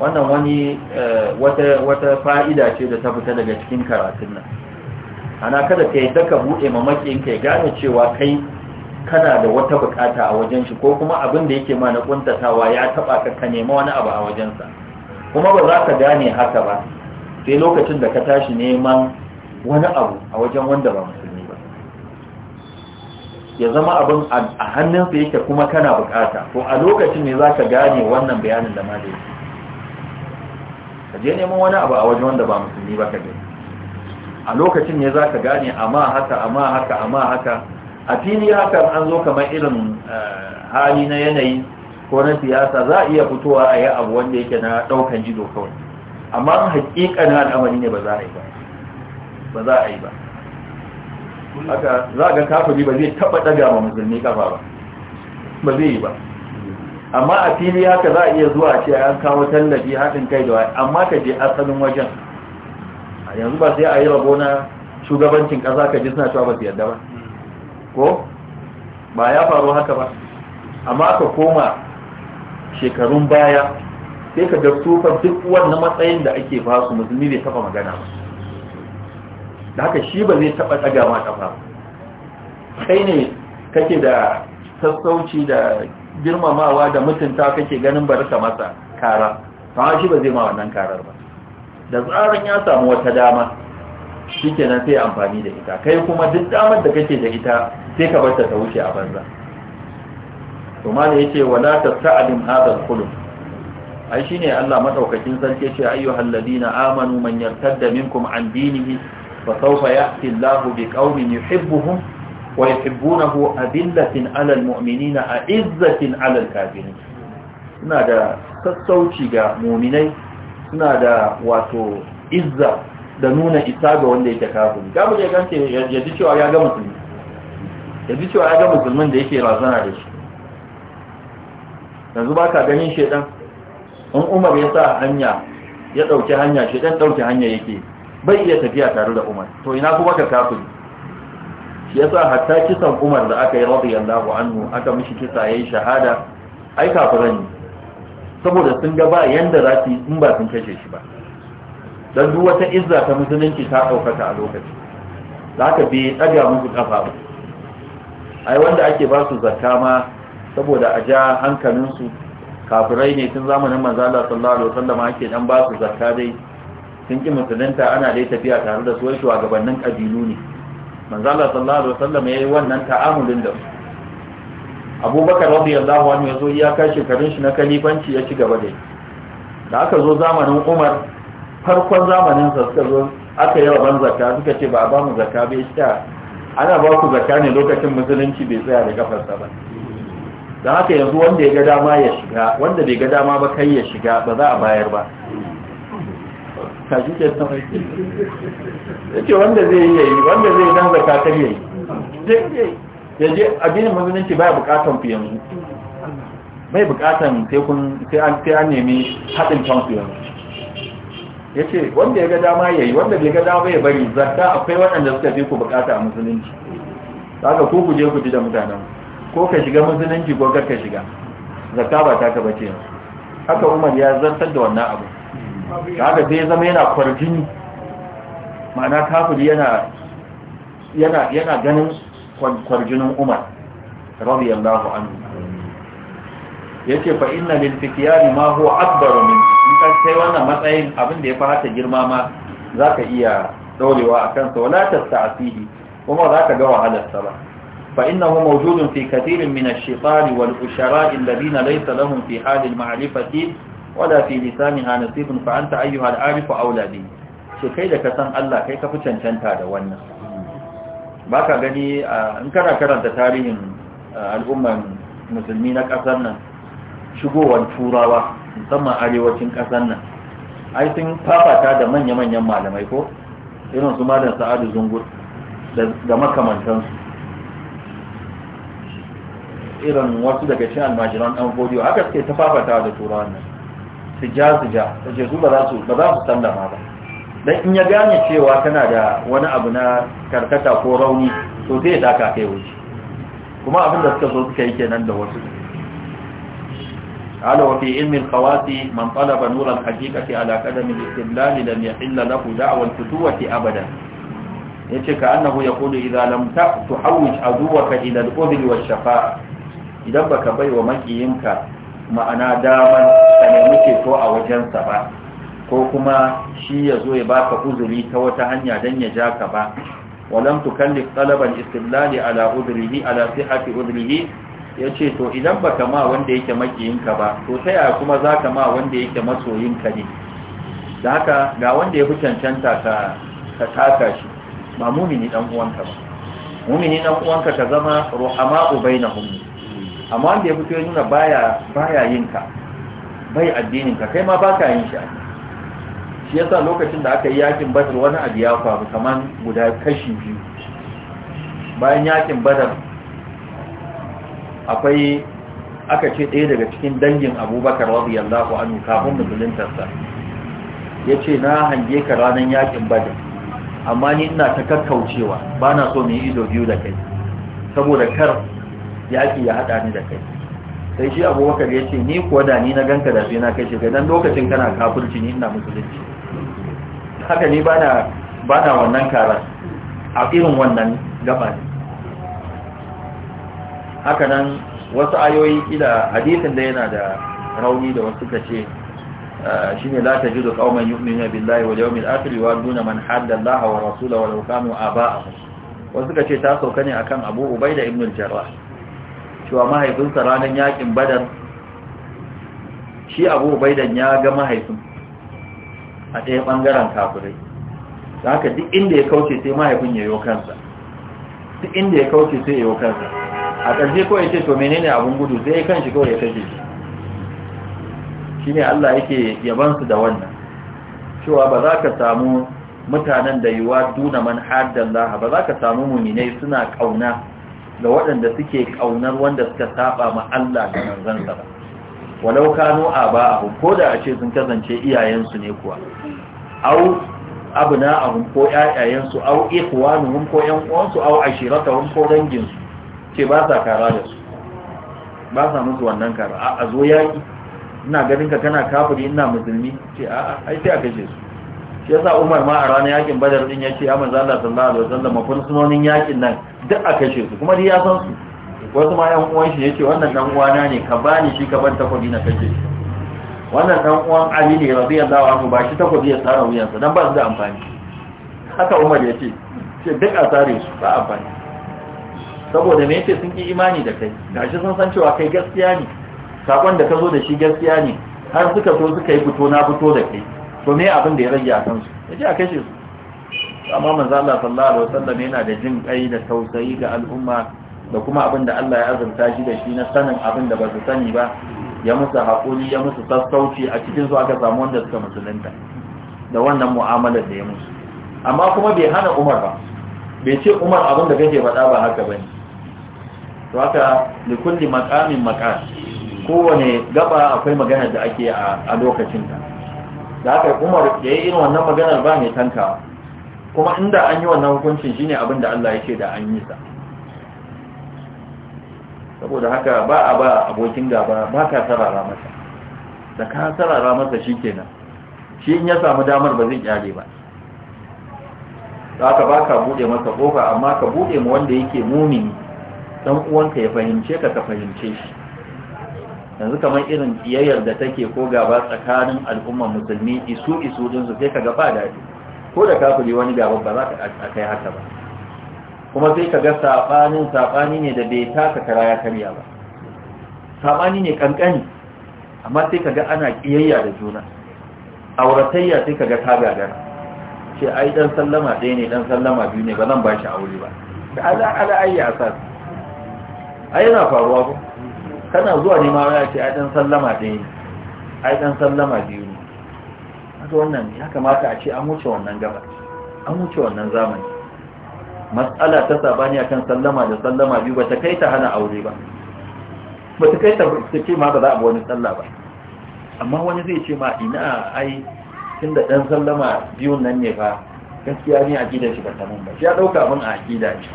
wannan wani eh, wata fa'ida ce da ta fita daga cikin karatun nan ana kada ka yi ka buɗe mamakin ka gane cewa kai kana da wata bukata a wajen shi ko kuma abin da yake mana na kuntatawa ya taba ka ka nema wani abu a wajensa kuma ba za ka gane haka ba sai lokacin da ka tashi neman wani abu a wajen wanda ba musulmi ba ya zama abin a hannunsa yake kuma kana bukata to a lokacin ne za ka gane wannan bayanin da malai ka je neman wani abu a wajen wanda ba musulmi ba ka gani a lokacin ne za ka gane amma haka amma haka amma haka a fili haka an zo kamar irin eh, hali na yanayi ko na siyasa za a iya fitowa a yi abu wanda yake na ɗaukan jido kawai amma hakikanin al'amari ne ba za a yi ba ba za a yi ba haka za a ga kafiri ba zai taba daga ma musulmi kafa ba ba zai yi ba amma a fili haka za a iya zuwa ce an kawo tallafi haɗin kai da wani amma ka je asalin wajen yanzu ba sai a yi rabo na shugabancin ƙasa ka ji suna cewa ba su yarda ba ko ba ya faru haka ba amma ka koma shekarun baya sai ka ga sufa duk wannan matsayin da ake su musulmi bai taɓa magana ba da haka shi ba zai taɓa ɗaga ma kafa kai ne kake da sassauci da girmamawa da mutunta kake ganin bari ka masa kara amma shi ba zai ma wannan karar ba da tsarin ya samu wata dama shi kenan sai amfani da ita kai kuma duk damar da kake da ita sai ka bar ta ta wuce a banza to ma da yace wala ta hadha hadal qulub ai shine Allah madaukakin sarki ce ayyuhal ladina amanu man yartadda minkum an dinihi فسوف يأتي الله بقوم يحبهم ويحبونه أذلة على المؤمنين أعزة على الكافرين suna da sassauci ga muminai suna da wato izza da nuna isa ga wanda yake kafin gabu da ya ya ji ya ga musulmi ya ji ya ga musulmin da yake razana da shi yanzu baka ganin shaidan in umar ya sa hanya ya ɗauki hanya shaidan ɗauki hanya yake bai iya tafiya tare da umar to ina kuma ka kafu shi yasa hatta kisan umar da aka yi radiyallahu anhu aka mishi kisa yayin shahada ai kafiran ne saboda sun ga ba yanda za su in ba sun kashe shi ba dan duk wata izza ta musulunci ta daukaka a lokaci da aka bi daga musu kafa ba ai wanda ake ba su zakka ma saboda a ja hankalinsu kafirai ne tun zamanin manzala sallallahu alaihi wasallam ake dan ba su zakka dai sun ki musulunta ana dai tafiya tare da su wai shugabannin kabilu ne manzo Allah sallallahu alaihi wasallam yayi wannan ta'amulin da su abubakar radiyallahu anhu yazo ya kai shekarun shi na kalifanci ya ci gaba da da aka zo zamanin umar farkon zamanin sa suka zo aka yi rabon zakka suka ce ba a ba mu zakka shi ita ana ba ku zakka ne lokacin musulunci bai tsaya da kafar kafarsa ba don haka yanzu wanda ya ga dama ya shiga wanda bai ga dama ba kai ya shiga ba za a bayar ba kaji ke sama yake ya ce wanda zai yi yayi wanda zai dan zaka ta yayi zai ya je addinin musulunci baya bukatan ku yanzu bai bukatan sai kun sai an sai an nemi hadin kanku yanzu ya ce wanda ya ga dama yayi wanda bai ga dama bai bari zakka akwai waɗanda suka fi ku bukata a musulunci kaga ko ku je ku ji da mutanen ko ka shiga musulunci ko kar ka shiga zakka ba ta ka bace haka Umar ya zartar da wannan abu da sai ya zama yana kwarjini ma'ana kafiri yana yana yana ganin kwarjinin umar radiyallahu anhu yace fa inna lil fikyari ma huwa akbar min in ka kai wannan matsayin abin da ya fara girma ma zaka iya daurewa akan sa wala tasta'fihi kuma zaka ga wahalar sa ba fa innahu mawjudun fi kathirin min ash-shaytan wal ushara alladhina laysa lahum fi hal al-ma'rifati wada fi lisaniha nasibun fa anta ayyuha al-arifu aula bi ce kai da ka san Allah kai ka fi cancanta da wannan baka gani in kana karanta tarihin al'umman musulmi na kasar nan shigowar turawa musamman arewacin kasar nan ai sun fafata da manya-manyan malamai ko irin su malam sa'adu zungur da makamantansu irin wasu daga cikin almajiran ɗan godiyo haka suke ta fafata da turawan nan Sija-sija, su ja su ba za su sallama ba don in ya gane cewa tana da wani abu na karkata ko rauni to zai daka kai wuce kuma abin da suka so suka yi kenan da wasu قال وفي علم الخواص من طلب نور الحقيقة على قدم الاستدلال لم يحل له دعوى الفتوة abada yace ka annahu yaqulu idza lam tuhawij aduwaka ila al-udhl wash shafa. idan baka bai wa makiyinka ma'ana daman ka nemi ceto a wajensa ba ko kuma shi ya zo ya baka uzuri ta wata hanya don ya ja ka ba walam tukallif talaban istidlali ala udrihi ala sihhati udrihi yace to idan baka ma wanda yake makiyinka ba to sai ya kuma zaka ma wanda yake masoyinka ne dan haka ga wanda ya fi ka ka taka shi ba mumini dan uwanka ba mumini dan uwanka ka zama ruhama bainahum amma wanda ya fito ya nuna baya yin ka bai addinin ka kai ma baka yin shi shi yasa lokacin da aka yi yakin badar wani abu ya faru kamar guda kashi biyu bayan yakin badar akwai aka ce ɗaya daga cikin dangin abubakar radiyallahu anhu kafin musuluntarsa ya ce na hange ka ranar yakin badar amma ni ina ta kakkaucewa ba na so mai ido biyu da kai saboda kar yaƙi ya haɗa ni da kai sai shi abubakar ya ce ni kuwa da ni na ganka da na kai shiga don lokacin kana kafurci ni ina musulunci haka ni bana na wannan kara a irin wannan gaba ne haka nan wasu ayoyi ila hadisin da yana da rauni da wasu ka ce ah, shine la tajidu qauman yu'minuna billahi wal yawmil wa man wa wa wasu ka ce ta sauka ne akan Abu ubai da al-Jarrah cewa mahaifinsa ranar yakin badar shi abu baidan ya ga mahaifin a ɗaya ɓangaren kafirai da haka duk inda ya kauce sai mahaifin ya yi kansa duk inda ya kauce sai ya yi kansa a ƙarshe kawai ce to menene abin gudu sai ya kan kawai ya kaje shi shi ne Allah yake yabansu da wannan cewa ba za ka samu mutanen da yiwa duna man haddan laha ba za ka samu muminai suna ƙauna da waɗanda suke ƙaunar wanda suka saba ma Allah da manzansa ba walau kano a ba a ko da a ce sun kasance iyayensu ne kuwa au abuna a ko ƴaƴayensu au ikhwanuhum ko 'yan uwansu au ashiratahum ko su, ce ba sa kara da su ba sa musu wannan kara a zo yaki ina ganin ka kana kafiri ina musulmi ce a'a ai sai a kashe su yasa Umar ma a ranar yakin Badar din yace ya manzo Allah sallallahu alaihi wasallam fursunonin yakin nan duk a kashe su kuma dai ya san su wasu ma yan uwan shi yace wannan dan uwana ne ka bani shi ka bar takobi na kashe shi wannan dan uwan Ali ne radiyallahu anhu ba shi takobi ya tsara wuyansa dan ba su da amfani haka Umar yace ce duk a tsare su ba amfani saboda me yace sun ki imani da kai gashi sun san cewa kai gaskiya ne sakon da ka zo da shi gaskiya ne har suka so suka yi fito na fito da kai to me abin da ya rage a kansu ya ce a kashe su amma manzo Allah sallallahu alaihi wasallam yana da jin kai da tausayi ga al'umma da kuma abin da Allah ya azurta shi da shi na sanin abin da ba su sani ba ya musu haƙuri ya musu sassauci a cikin su aka samu wanda suka musulunta da wannan mu'amalar da ya musu amma kuma bai hana Umar ba bai ce Umar abin da kake faɗa ba haka bane to haka li kulli maqamin maqam kowane gaba akwai magana da ake a lokacin ta da aka yi umar da yi irin wannan maganar ba mai tankawa kuma inda an yi wannan hukuncin shine abin da Allah ce da an yi sa saboda haka ba a ba abokin gaba ba ka sarara masa da ka sarara masa shi kenan shi in ya samu damar ba zai kyale ba Da aka ba ka buɗe masa ƙofa amma ka buɗe mu wanda yake mumini dan uwanka ya fahimce ka ka fahimce shi yanzu kamar irin kiyayyar da take ko gaba tsakanin al'ummar musulmi isu isu din su sai kaga ba daɗi ko da kafiri wani gaba ba za ka kai haka ba kuma sai kaga sabanin sabani ne da bai taka kara ya karya ba sabani ne kankani amma sai kaga ana kiyayya da juna auratayya sai kaga ta gagara ce ai dan sallama ɗaya ne dan sallama biyu ne ba zan ba shi aure ba da ala ala ayya asar, ai yana faruwa ba kana zuwa ne ma wani ce ai dan sallama ɗaya ne ai dan sallama biyu ne haka wannan ya kamata a ce an wuce wannan gabar an wuce wannan zamani matsala ta sabani akan sallama da sallama biyu ba ta kai ta hana aure ba ba ta kai ta ce ma ba za a bi wani sallah ba amma wani zai ce ma ina ai tun da dan sallama biyun nan ne fa gaskiya ne a gidan shi ba ta mun ba ya ɗauka mun a aƙida ne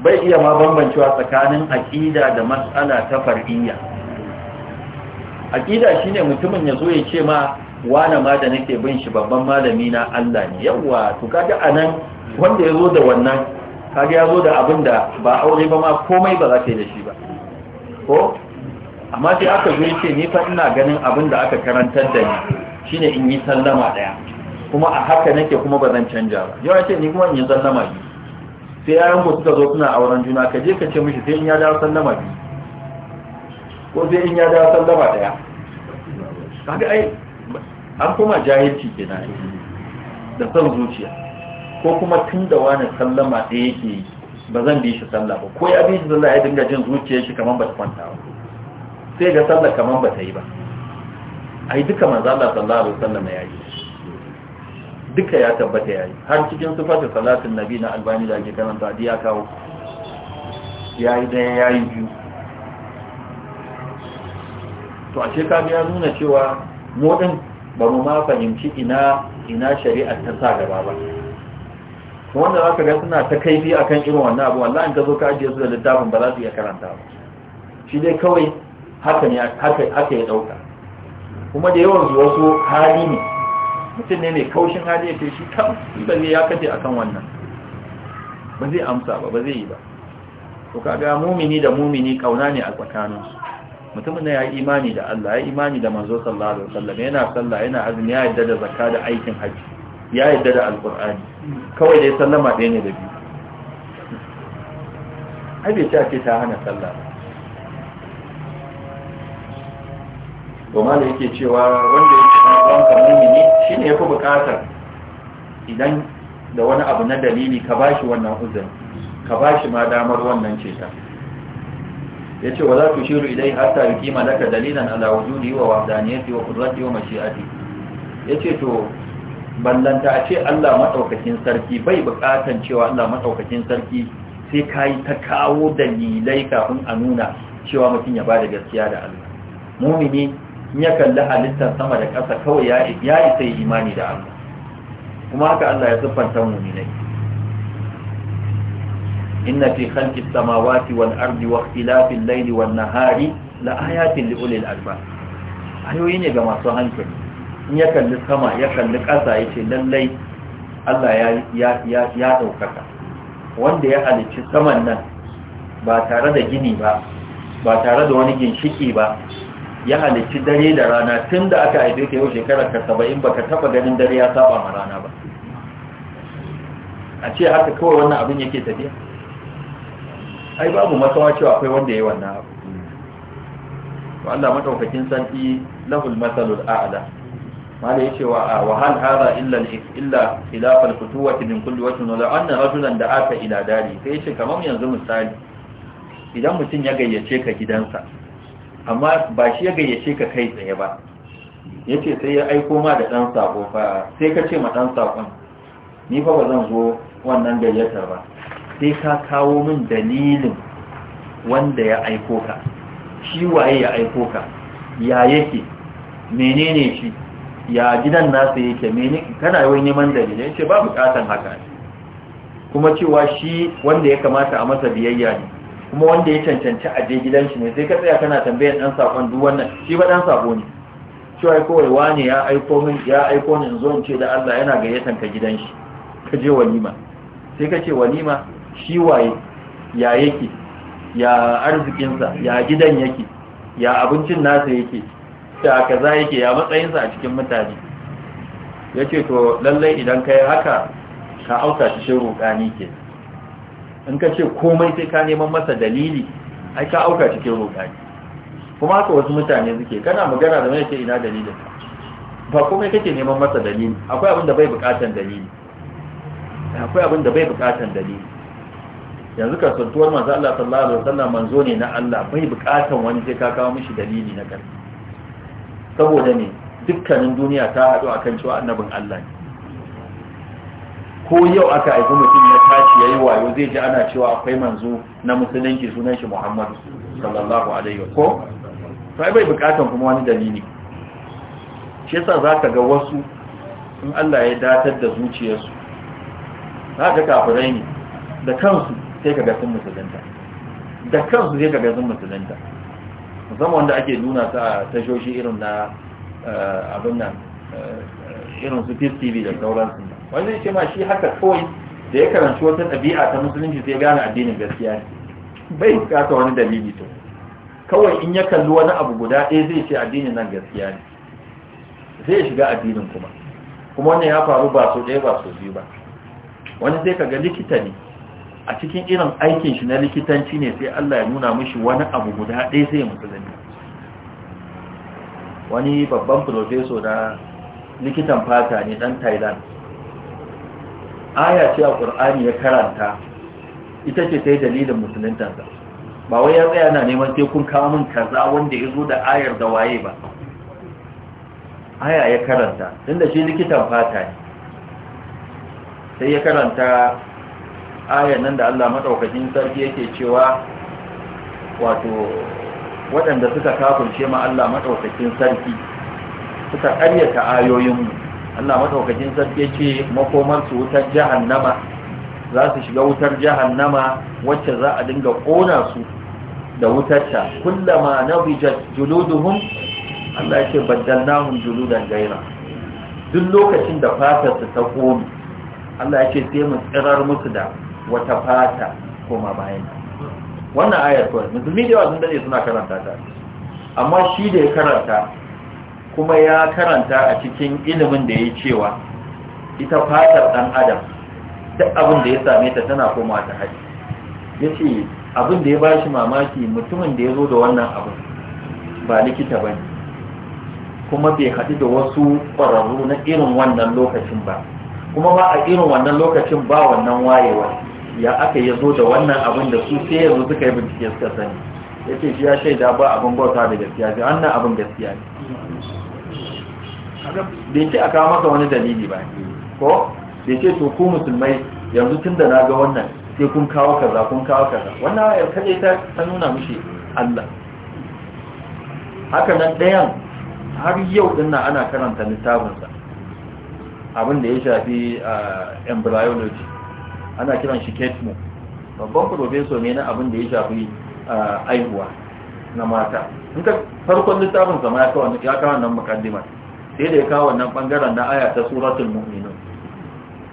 bai iya ma bambancewa tsakanin aƙida da matsala ta far'iyya aƙida shine mutumin ya zo ya ce ma wane ma da nake bin shi babban malami na Allah ne yawa to kaga anan wanda ya da wannan kaga ya da abin da ba aure ba ma komai ba za ka yi da shi ba ko amma sai aka zo yace ni fa ina ganin abin da aka karantar da ni shine in yi sallama daya kuma a haka nake kuma ba canja ba yawa ce ni kuma in yi sallama biyu sai yayan ku suka zo suna auren juna ka je ka ce mishi sai in ya dawo sallama biyu ko sai in ya dawo sallama daya kaga ai an kuma jahilci kenan da son zuciya ko kuma tun da wani sallama da yake yi ba zan bi shi sallah ba ko ya bi shi sallah ya dinga jin zuciya shi kamar ba ta kwanta ba sai ga sallah kamar ba ta yi ba ai duka manzo Allah sallallahu alaihi wasallam ya yi duka ya tabbata yayi har cikin sifatu salatin nabi na albani da ake karanta a ya kawo yayi daya yayi biyu to a ce shekaru ya nuna cewa modin ba mu ma fahimci ina ina shari'ar ta sa gaba ba wanda za ka ga suna ta kaifi a kan irin wannan abu wallah in ka zo ka ajiye su da littafin ba za su iya karanta ba shi dai kawai haka ya ɗauka kuma da yawan su ko, hali ne mutum ne mai kaushin hali ya ce shi kan ba zai ya kace akan wannan ba zai amsa ba ba zai yi ba to kaga mumini da mumini kauna ne a su mutumin da ya yi imani da Allah ya yi imani da manzo sallallahu alaihi wasallam yana salla, yana azumi ya yadda da zakka da aikin haji ya yadda da alqur'ani kawai dai sallama ɗaya ne da biyu ai bai ce ta hana sallah to ma da yake cewa wanda ya ci wanka mumini shi ne ya fi bukatar idan da wani abu na dalili ka ba shi wannan uzun ka ba shi ma damar wannan ceta ya ce wa za ku shiru idai hatta yi kima daga dalilan ala wujudi wa wadaniyati wa kudurati wa mashi'ati ya ce to ballanta a ce Allah maɗaukakin sarki bai buƙatan cewa Allah maɗaukakin sarki sai ka yi ta kawo dalilai kafin a nuna cewa mutum ya ba da gaskiya da Allah mumini in ya kalli halittar sama da ƙasa kawai ya isa yi imani da Allah kuma haka Allah ya siffanta muminai inna fi khalqis samawati wal ardi wa ikhtilafil layli wan nahari la ayatin li ulil albab ayoyi ne ga masu hankali in ya kalli sama ya kalli ƙasa yace lallai Allah ya ya ya daukaka wanda ya halicci saman nan ba tare da gini ba ba tare da wani ginshiki ba ya halicci dare da rana tun da aka haife ka yau shekarar ka saba'in ba ka taɓa ganin dare ya saba ma rana ba a ce haka kawai wannan abin yake tafiya ai babu makawa cewa akwai wanda ya yi wannan abu wa Allah madaukakin sarki lahul masalul a'la mala yace wa wa hal hada illa illa khilaf al futuwati min kulli wajhin wa anna rajulan da'aka ila dari sai yace kamar yanzu misali idan mutum ya gayyace ka gidansa amma ba shi ya gayyace ka kai tsaye ba ya ce sai ya aiko ma da ɗan sako fa sai ka ce ma ɗan sakon ni fa ba zan zo wannan gayyatar ba sai ka kawo min dalilin wanda ya aiko ka shi waye ya aiko ka ya yake menene shi ya gidan nasa yake mene kana yawan neman dalilin? ya ce ba bukatan haka kuma cewa shi wanda ya kamata a masa biyayya ne kuma wanda ya cancanci a je gidan shi ne sai ka tsaya kana tambayar dan sakon duk wannan shi ba dan sako ne cewa kowai wane ya aiko min ya aiko ni in zo in ce da Allah yana gayyatan ka gidan shi ka je walima sai ka ce walima shi waye ya yake ya arzikinsa ya gidan yake ya abincin nasa yake da kaza yake ya matsayinsa a cikin mutane ya to lallai idan kai haka ka auka shi roƙani ke in ka ce komai sai ka neman masa dalili ai ka auka cikin rudani kuma haka wasu mutane suke kana magana da wani ce ina dalilin ba komai kake neman masa dalili akwai abin da bai bukatan dalili akwai abin da bai bukatan dalili yanzu ka santuwar manzo Allah sallallahu alaihi wasallam manzo ne na Allah bai bukatan wani sai ka kawo mishi dalili na karfi saboda ne dukkanin duniya ta haɗu akan cewa annabin Allah ne ko yau aka aiki mutum ya tashi yi wayo zai ji ana cewa akwai manzo na musulunci sunan shi Muhammadu sallallahu alaihi wa ko sai bai bukatan kuma wani dalili shi yasa zaka ga wasu in Allah ya datar da zuciyarsu zaka kafirai ne da kansu sai ka sun musulunta da kansu sai ka sun musulunta musamman wanda ake nuna ta a tashoshi irin na eh, abin nan eh, irin su TV da sauransu wani zai ce ma shi haka kawai da ya karanci wata ɗabi'a ta musulunci zai gane addinin gaskiya ne bai bukata wani dalili to kawai in ya kalli wani abu guda ɗaya zai ce addinin nan gaskiya ne zai shiga addinin kuma kuma wannan ya faru ba so ɗaya ba so biyu ba wani zai kaga likita ne a cikin irin aikin shi na likitanci ne sai Allah ya nuna mishi wani abu guda ɗaya sai musulunci wani babban profeso na likitan fata ne ɗan thailand aya ce a ƙur'ani ya karanta ita ce ta yi dalilin musuluntansa ba wai ya tsaya na neman tekun kamun kaza wanda ya zo da ayar da waye ba aya ya karanta tunda shi likitan fata ne sai ya karanta ayar nan da Allah maɗaukacin sarki yake cewa wato waɗanda suka kafurce ma Allah maɗaukacin sarki suka ƙaryata ayoyinmu Allah madaukakin sarki ce makomar su wutar jahannama za su shiga wutar jahannama wacce za a dinga kona su da wutarta kullama nabijat juluduhum Allah yake baddalnahum juludan gaira duk lokacin da fatar su ta kone Allah yake sai mu tsirar musu da wata fata koma bayan wannan ayar kawai musulmi da yawa sun suna karanta ta amma shi da ya karanta kuma ya karanta a cikin ilimin da ya cewa ita fatar ɗan adam duk abin da ya same ta tana koma ta haji ya ce abin da ya ba mamaki mutumin da ya zo da wannan abin ba likita ba kuma bai haɗu da wasu ƙwararru na irin wannan lokacin ba kuma ba a irin wannan lokacin ba wannan wayewa ya aka ya zo da wannan abin da su sai yanzu suka yi bincike suka sani ya ce shi ya shaida ba abin bauta da gaskiya ga wannan abin gaskiya ne bai ce a kawo masa wani dalili ba ko bai ce to ku musulmai yanzu tun da na ga wannan sai kun kawo kaza kun kawo kaza wannan ya kaɗai ta nuna mishi Allah haka nan ɗayan har yau din nan ana karanta littafinsa abin da ya shafi ah, embryology ana kiran shi ketmo babban profeso ne na abin da ya shafi ah, aihuwa na mata in ka farkon littafinsa ma ya kawo nan mukaddimar sai da ya wannan na aya ta suratul mu'minun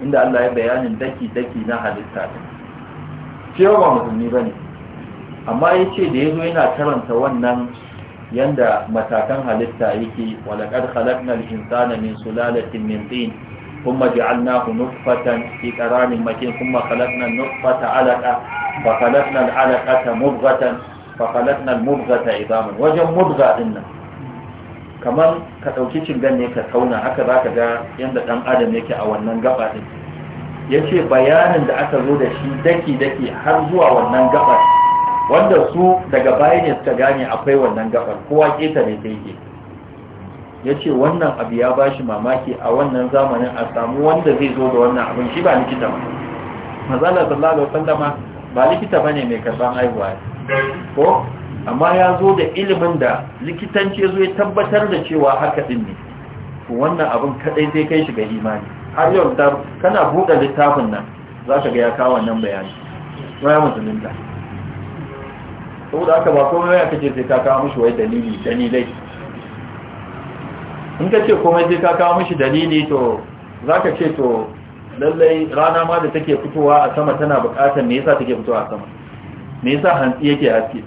inda Allah ya bayanin daki daki na halitta ne cewa ba musulmi bane amma ya ce da ya zo yana karanta wannan yanda matakan halitta yake walaqad khalaqnal insana min sulalatin min tin ثم جعلناه نطفة في قرار مكين ثم خلقنا النطفة علقة فخلقنا العلقة مبغة فخلقنا المبغة عظاما وجم مبغة إنه kamar ka ɗauki cingan ne ka tauna haka za ka ga yadda ɗan adam yake a wannan gaba ɗin ya ce bayanin da aka zo da shi daki-daki har zuwa wannan gabar wanda su daga baya ne suka gane akwai wannan gabar kowa keta ne ta yake ya ce wannan abu ya ba shi mamaki a wannan zamanin a samu wanda zai zo da wannan abin shi ba likita ba mazala sallallahu alaihi wasallama ba likita bane mai karban haihuwa ko amma ya zo da ilimin da likitanci ya zo ya tabbatar da cewa haka din ne to wannan abin kadai zai kai shi ga imani har yau da kana buɗe littafin nan za ka ga ya kawo wannan bayani ya musulunta da aka ba komai ya kace sai ka kawo mishi wai dalili dalilai in ka ce komai sai ka kawo mishi dalili to za ka ce to lallai rana ma da take fitowa a sama tana bukatar me yasa take fitowa a sama me yasa hantsi yake haske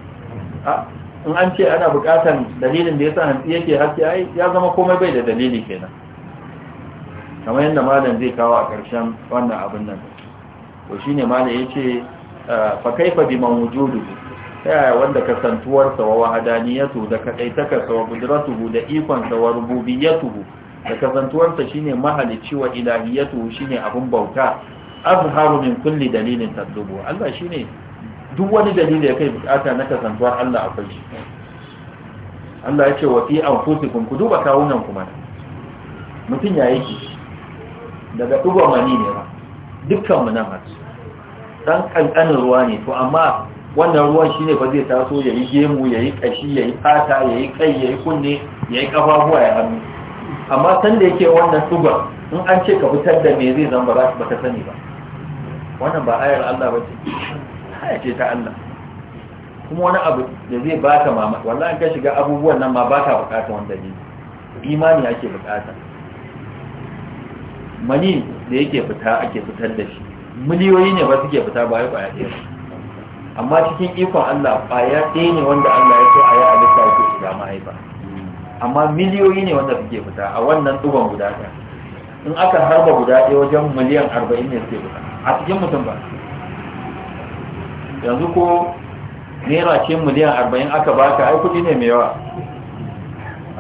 in an ce ana bukatan dalilin da ya sa hantsi yake haske ai ya zama komai bai da dalili kenan kamar yadda malam zai kawo a ƙarshen wannan abin nan to shine malam ya ce fa kaifa bi mawjudu ta yaya wanda sa wa wahadaniyatu da kaɗaitakarsa wa kudratuhu da ikon sa wa rububiyatuhu da kasantuwarsa shine mahalicci wa ilahiyatuhu shine abin bauta azharu min kulli dalilin tadubu Allah shine duk wani dalili ya kai bukata na kasantuwar Allah akwai shi Allah ya ce wa fi anfusikum ku duba kawunan ku mana mutum ya yake daga duba mani ne ba dukkan mu nan hatu dan kankanin ruwa ne to amma wannan ruwan shine ba zai taso ya yi gemu ya yi kashi ya yi fata ya yi kai ya yi kunne ya yi kafafuwa ya hannu amma san da yake wannan duba in an ce ka fitar da me zai zan ba za ka sani ba wannan ba ayar Allah ba ce aya ce ta Allah kuma wani abu da zai ba mama, wanda an ka shiga abubuwan nan ma ba ta bukata wanda ne imani ake bukata mani da yake fita ake fitar da shi miliyoyi ne ba suke fita ba ya kwaya ɗaya amma cikin ikon Allah kwaya ɗaya ne wanda Allah ya so a yi alisa yake shiga mahaifa amma miliyoyi ne wanda suke fita a wannan tsuban guda ɗaya in aka harba guda ɗaya wajen miliyan arba'in ne suke fita a cikin mutum ba yanzu ko naira ce miliyan arba'in aka baka ai kudi ne mai yawa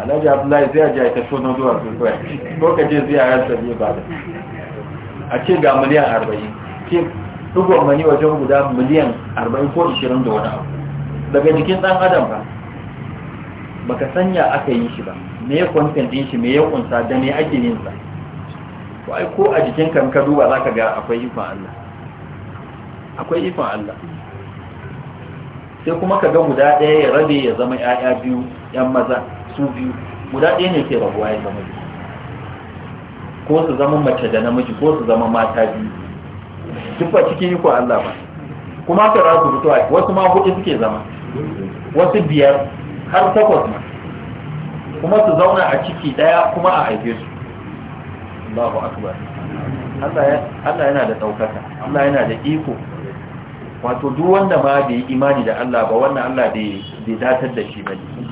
alhaji abdullahi zai ajiye ta so na zuwa zuwa ko ka je zai ayar sa biyu ba da a ce ga miliyan arba'in ce dugon mani wajen guda miliyan arba'in ko ishirin da wani abu daga jikin dan adam ba baka sanya aka yi shi ba me ya kwantan din shi me ya kunsa da me ake yin sa ko ko a jikin kan ka duba zaka ga akwai ifan Allah akwai ifan Allah sai kuma ka ga guda ɗaya ya rabe ya zama ‘ya'ya biyu ‘yan maza su biyu guda ɗaya ne ke rabuwa ya zama biyu ko su zama mace da namiji ko su zama mata biyu duk ba cikin iko Allah ba kuma ka za su fito a wasu ma hudu suke zama wasu biyar har takwas ma kuma su zauna a ciki ɗaya kuma a haife su Allahu akbar Allah yana da ɗaukaka Allah yana da iko wato duk wanda ma bai imani da Allah ba wannan Allah bai datar da shi ba ne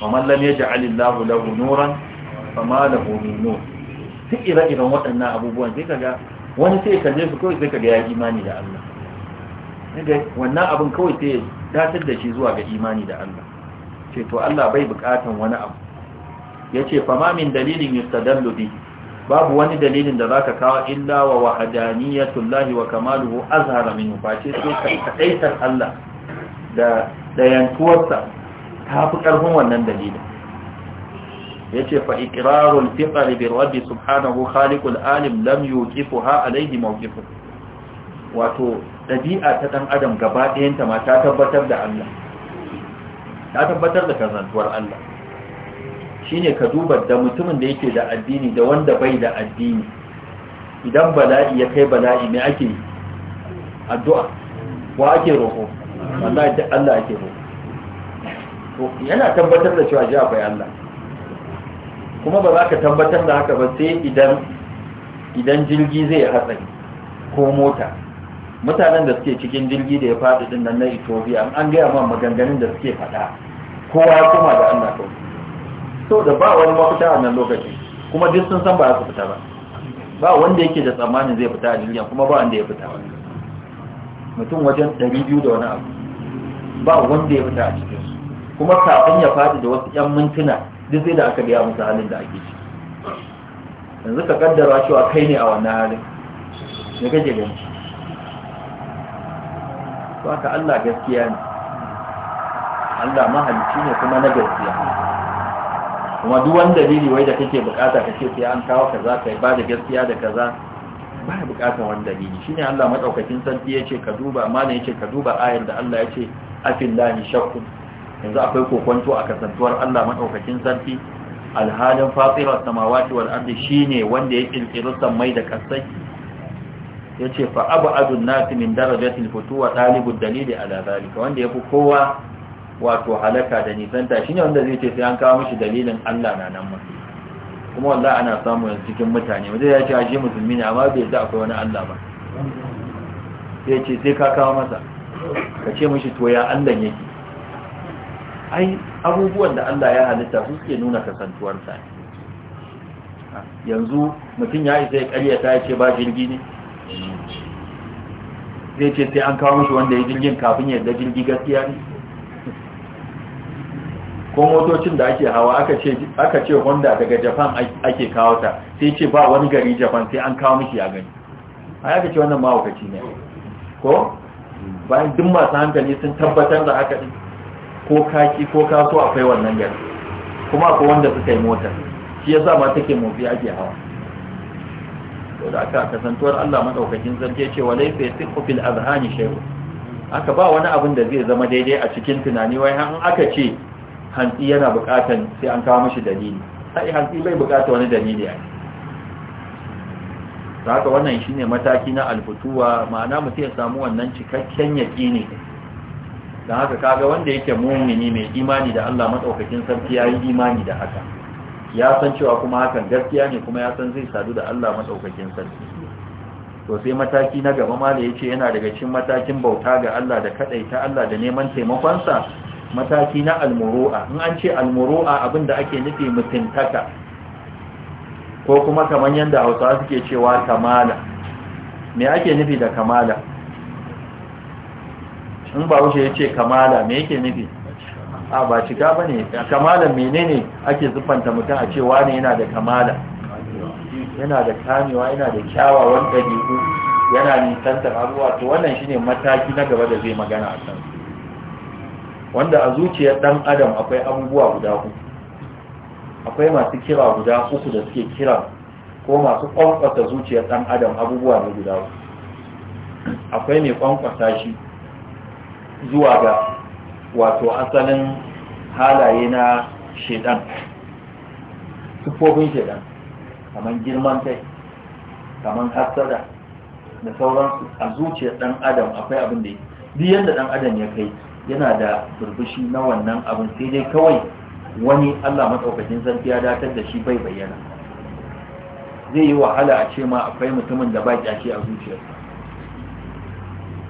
kamar lam ya ja'alin lahu lahu nuran fama lahu min nur duk ira iren waɗannan abubuwan sai kaga wani sai kaje su kawai sai kaga ya yi imani da Allah wannan abin kawai sai datar da shi zuwa ga imani da Allah ce to Allah bai bukatan wani abu yace fama min dalilin yustadallu bihi babu wani dalilin da za ka kawo illa wa wahadaniyatullahi wa kamaluhu azhara minhu face sai Allah da dayantuwarsa ta fi karfin wannan dalilin yace fa iqrarul fiqr bi rabbi subhanahu khaliqul alim lam yuqifuha alayhi mawqifu wato dabi'a ta dan adam gaba ɗayan ta ma ta tabbatar da Allah ta tabbatar da kazantuwar Allah shine ka duba da mutumin da yake da addini da wanda bai da addini idan bala'i ya kai bala'i me ake addu'a wa ake roho wallahi da Allah ake roho. to yana tabbatar da cewa jiya bai Allah kuma ba za ka tabbatar da haka ba sai idan idan jirgi zai hatsari ko mota mutanen da suke cikin jirgi da ya faɗi din nan na Ethiopia an gaya ma maganganun da suke faɗa kowa kuma da Allah kawai da ba wani mafita a nan lokaci kuma duk sun san ba su fita ba ba wanda yake da tsammanin zai fita a duniya kuma ba wanda ya fita mutum wajen 200 da wani abu ba wanda ya fita a cikin su kuma kafin ya faɗi da wasu 'yan mintuna duk sai da aka biya musu halin da ake ci yanzu ka kaddara cewa kai ne a wannan halin ya kake gani ba ka Allah gaskiya ne Allah mahalicci ne kuma na gaskiya ne kuma duk wani dalili wai da kake bukata kake sai an kawo kaza kai ba da gaskiya da kaza ba ya bukatar wani dalili shine Allah madaukakin sarki yace ka duba amana yace ka duba ayar da Allah yace afillahi shakku yanzu akwai kokonto a kasantuwar Allah madaukakin sarki alhalin fatira samawati wal ardi shine wanda ya San sammai da kasai yace fa abu adun nasi min darajatil futuwa talibud dalili ala zalika wanda yafi kowa wato halaka da nisanta shine wanda zai ce sai an kawo mishi dalilin Allah na nan ma kuma wallahi ana samu yanzu cikin mutane wanda ya ce a shi musulmi ne amma bai da akwai wani Allah ba sai ce sai ka kawo masa ka ce mishi to ya Allah yake ai abubuwan da Allah ya halitta su suke nuna kasantuwar sa yanzu mutum ya isa ya karyata ya ce ba jirgi ne zai ce sai an kawo mishi wanda ya jirgin kafin ya yarda jirgi gaskiya ne ko motocin da ake hawa aka ce aka ce Honda daga Japan ake kawo ta sai ce ba wani gari Japan sai an kawo miki ya gani ai aka ce wannan mahaukaci ne ko bayan duk masu hankali sun tabbatar da haka ko kaki ko kaso akwai wannan gari kuma ko wanda suka yi motar shi yasa ma take motsi ake hawa to da aka kasantuwar Allah madaukakin zarge ce wa laifa yasiqu fil azhani shay'un aka ba wani abin da zai zama daidai a cikin tunani wai an aka ce hantsi yana bukatan sai an kawo mashi dalili sai hantsi bai bukata wani dalili a ta haka wannan shi ne mataki na alfutuwa ma'ana mutum ya samu wannan cikakken ne. don haka kaga wanda yake mumini mai imani da Allah maɗaukakin sarki ya yi imani da haka ya san cewa kuma hakan gaskiya ne kuma ya san zai sadu da Allah maɗaukakin sarki to sai mataki na gaba ma da ya ce yana daga cikin matakin bauta ga Allah da ta Allah da neman taimakonsa mataki na almuru'a in an ce almuru'a abinda ake nufi mutuntaka ko kuma kamar yadda hausawa suke cewa kamala me ake nufi da kamala in ba wuce ya ce kamala me yake nufi a ba cika ba ne kamala menene ake siffanta mutum a cewa ne yana da kamala yana da kamewa yana da kyawawan ɗabi'u yana nisantar abubuwa to wannan shine mataki na gaba da zai magana a kansu wanda a zuciyar dan adam akwai abubuwa guda uku akwai masu kira guda uku da suke kira ko masu kwankwata zuciyar dan adam abubuwa ne guda uku akwai mai kwankwata shi zuwa ga wato asalin halaye na shedan sufofin shedan kamar girman kai kamar hasada da sauransu a zuciyar dan adam akwai abin da biyan da dan adam ya kai yana da burbushi na wannan abin sai dai kawai wani Allah matsaukacin sarki ya datar da shi bai bayyana zai yi wahala a ce ma akwai mutumin da ba kyashi a zuciyarsa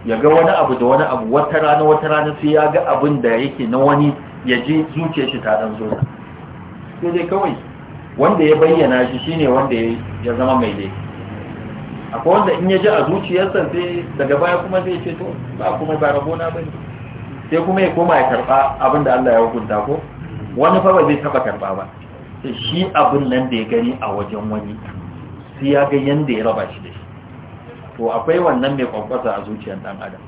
ya ga wani abu da wani abu wata rana wata rana sai ya ga abin da yake na wani ya ji zuciyar shi ta dan zo sai dai kawai wanda ya bayyana shi shine wanda ya zama mai dai, akwai wanda in ya ji a zuciyarsa sai daga baya kuma zai ce to ba kuma ba rabona bane sai kuma ya koma ya karba abin da Allah ya hukunta ko wani fa ba zai taba karba ba sai shi abin nan da ya gani a wajen wani sai ya ga yanda ya raba shi da shi to akwai wannan mai kwankwasa a zuciyar dan adam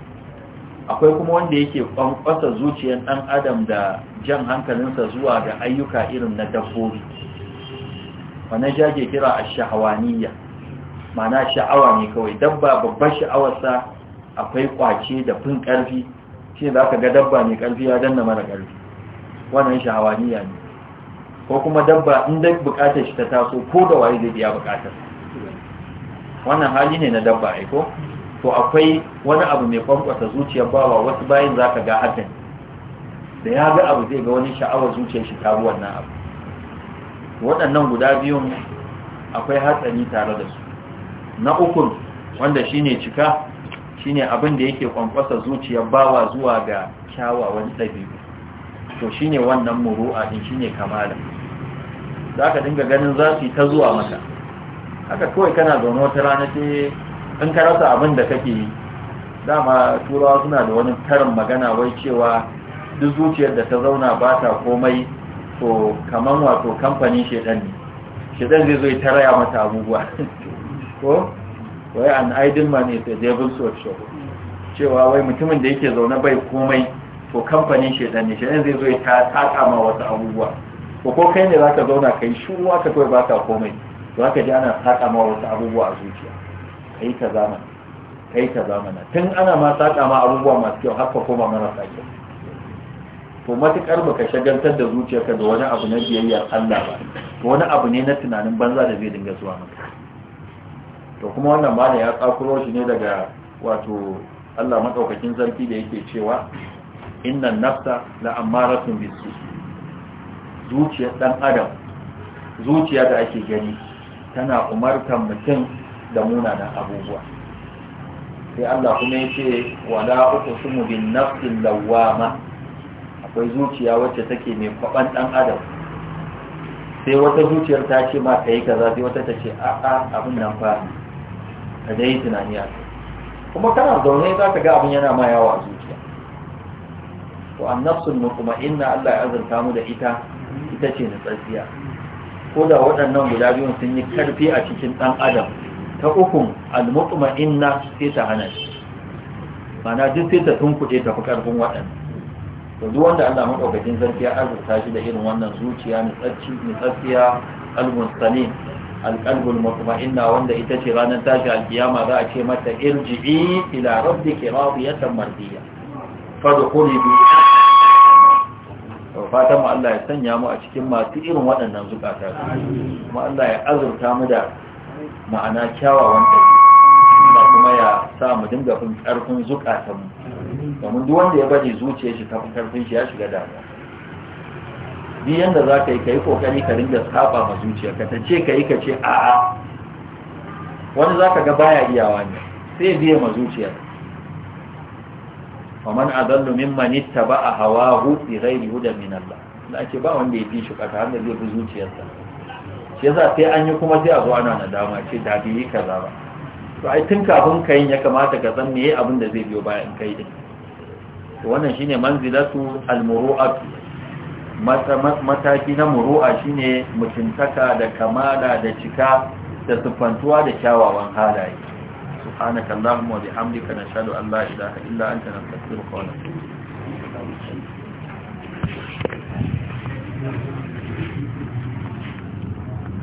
akwai kuma wanda yake kwankwasa zuciyar dan adam da jan hankalinsa zuwa ga ayyuka irin na dabbobi Wani jage kira a shahwaniyya ma'ana sha'awa ne kawai dabba babbar sha'awarsa akwai kwace da fin karfi shi za ka ga dabba mai ƙarfi ya danna mara ƙarfi wannan shahawaniya ne ko kuma dabba in dai buƙatar shi ta taso ko da waye zai biya buƙatar wannan hali ne na dabba aiko to akwai wani abu mai kwankwasa zuciyar bawa wasu bayan za ka ga hakan da ya ga abu zai ga wani sha'awar zuciyar shi ta wannan abu waɗannan guda biyun akwai hatsari tare da su na ukun wanda shine cika shine abin da yake kwamfasa zuciyar bawa zuwa ga kyawawan ɗabi'u to shine wannan muru'a din shine kamala za ka dinga ganin za su yi ta zuwa maka haka kawai kana zaune wata rana ce in ka rasa abin da kake yi dama turawa suna da wani tarin magana wai cewa duk zuciyar da ta zauna ba ta komai to kaman wato kamfanin shedan ne shedan zai zo ya raya mata abubuwa ko wai an idle man da a devil's workshop cewa wai mutumin da yake zaune bai komai to kamfanin shedan ne shedan zai zo ya taka ma wasu abubuwa ko ko kai ne zaka zauna kai shuru aka kai baka komai to aka ji ana taka ma wasu abubuwa a zuciya kai ka zamana kai ta zamana tun ana ma saka ma abubuwa masu kyau haka koma mana sake. to matukar baka shagaltar da zuciyarka da wani abu na biyayyar Allah ba to wani abu ne na tunanin banza da zai dinga zuwa maka to kuma wannan ma ya tsakuro shi ne daga wato Allah maɗaukakin zarfi da yake cewa innan nafsa la sun bisu zuciyar dan adam zuciya da ake gani tana umartan mutum da munanan abubuwa sai Allah kuma ya ce wala mu bin nafsin lawama akwai zuciya wacce take mai kwaban ɗan adam sai wata zuciyar ta ce ma ka kai kaza sai wata ta ce a'a abin nan fa ka dai tunani a kai kuma kana zaune za ka ga abin yana ma yawa a zuciya to kuma inna Allah ya azurta mu da ita ita ce na nutsatsiya ko da waɗannan guda biyun sun yi karfi a cikin ɗan adam ta ukun al inna sai ta hana shi mana duk sai ta tunkuɗe ta fi ƙarfin waɗannan to duk wanda Allah madaukakin zarfi ya azurta shi da irin wannan zuciya nutsatsiya al-mustalim alqalbul mutma'inna wanda ita ce ranar tashi alkiyama za a ce mata irji'i ila rabbiki radiyatan mardiya fadkhuli bi to fatan mu Allah ya sanya mu a cikin masu irin waɗannan zukata kuma Allah ya azurta mu da ma'ana kyawawan ɗabi'a Allah kuma ya sa mu dinga fin ƙarfin zukatanmu domin duk wanda ya bari zuciyar shi ta fi ƙarfin shi ya shiga damuwa ni yanda za ka yi ka yi kokari ka ringa saba ma zuciya ka tace ka yi ka ce a'a wani za ka ga baya iyawa ne sai biya ma zuciya wa man adallu mimman ittaba'a hawahu bi ghairi huda min Allah da ake ba wanda ya fi shi kata har da zai fi zuciyarsa shi yasa sai an yi kuma sai a zo ana nadama ce da bi yi kaza ba to ai tun kafin kayin ya kamata ka san me abin da zai biyo bayan kai din to wannan shine manzilatu al-muru'atu mataki na muru'a shine mutuntaka da kamala da cika da sufantuwa da kyawawan halaye subhanaka allahumma wa bihamdika nashhadu an la ilaha illa anta nastaghfiruka wa natubu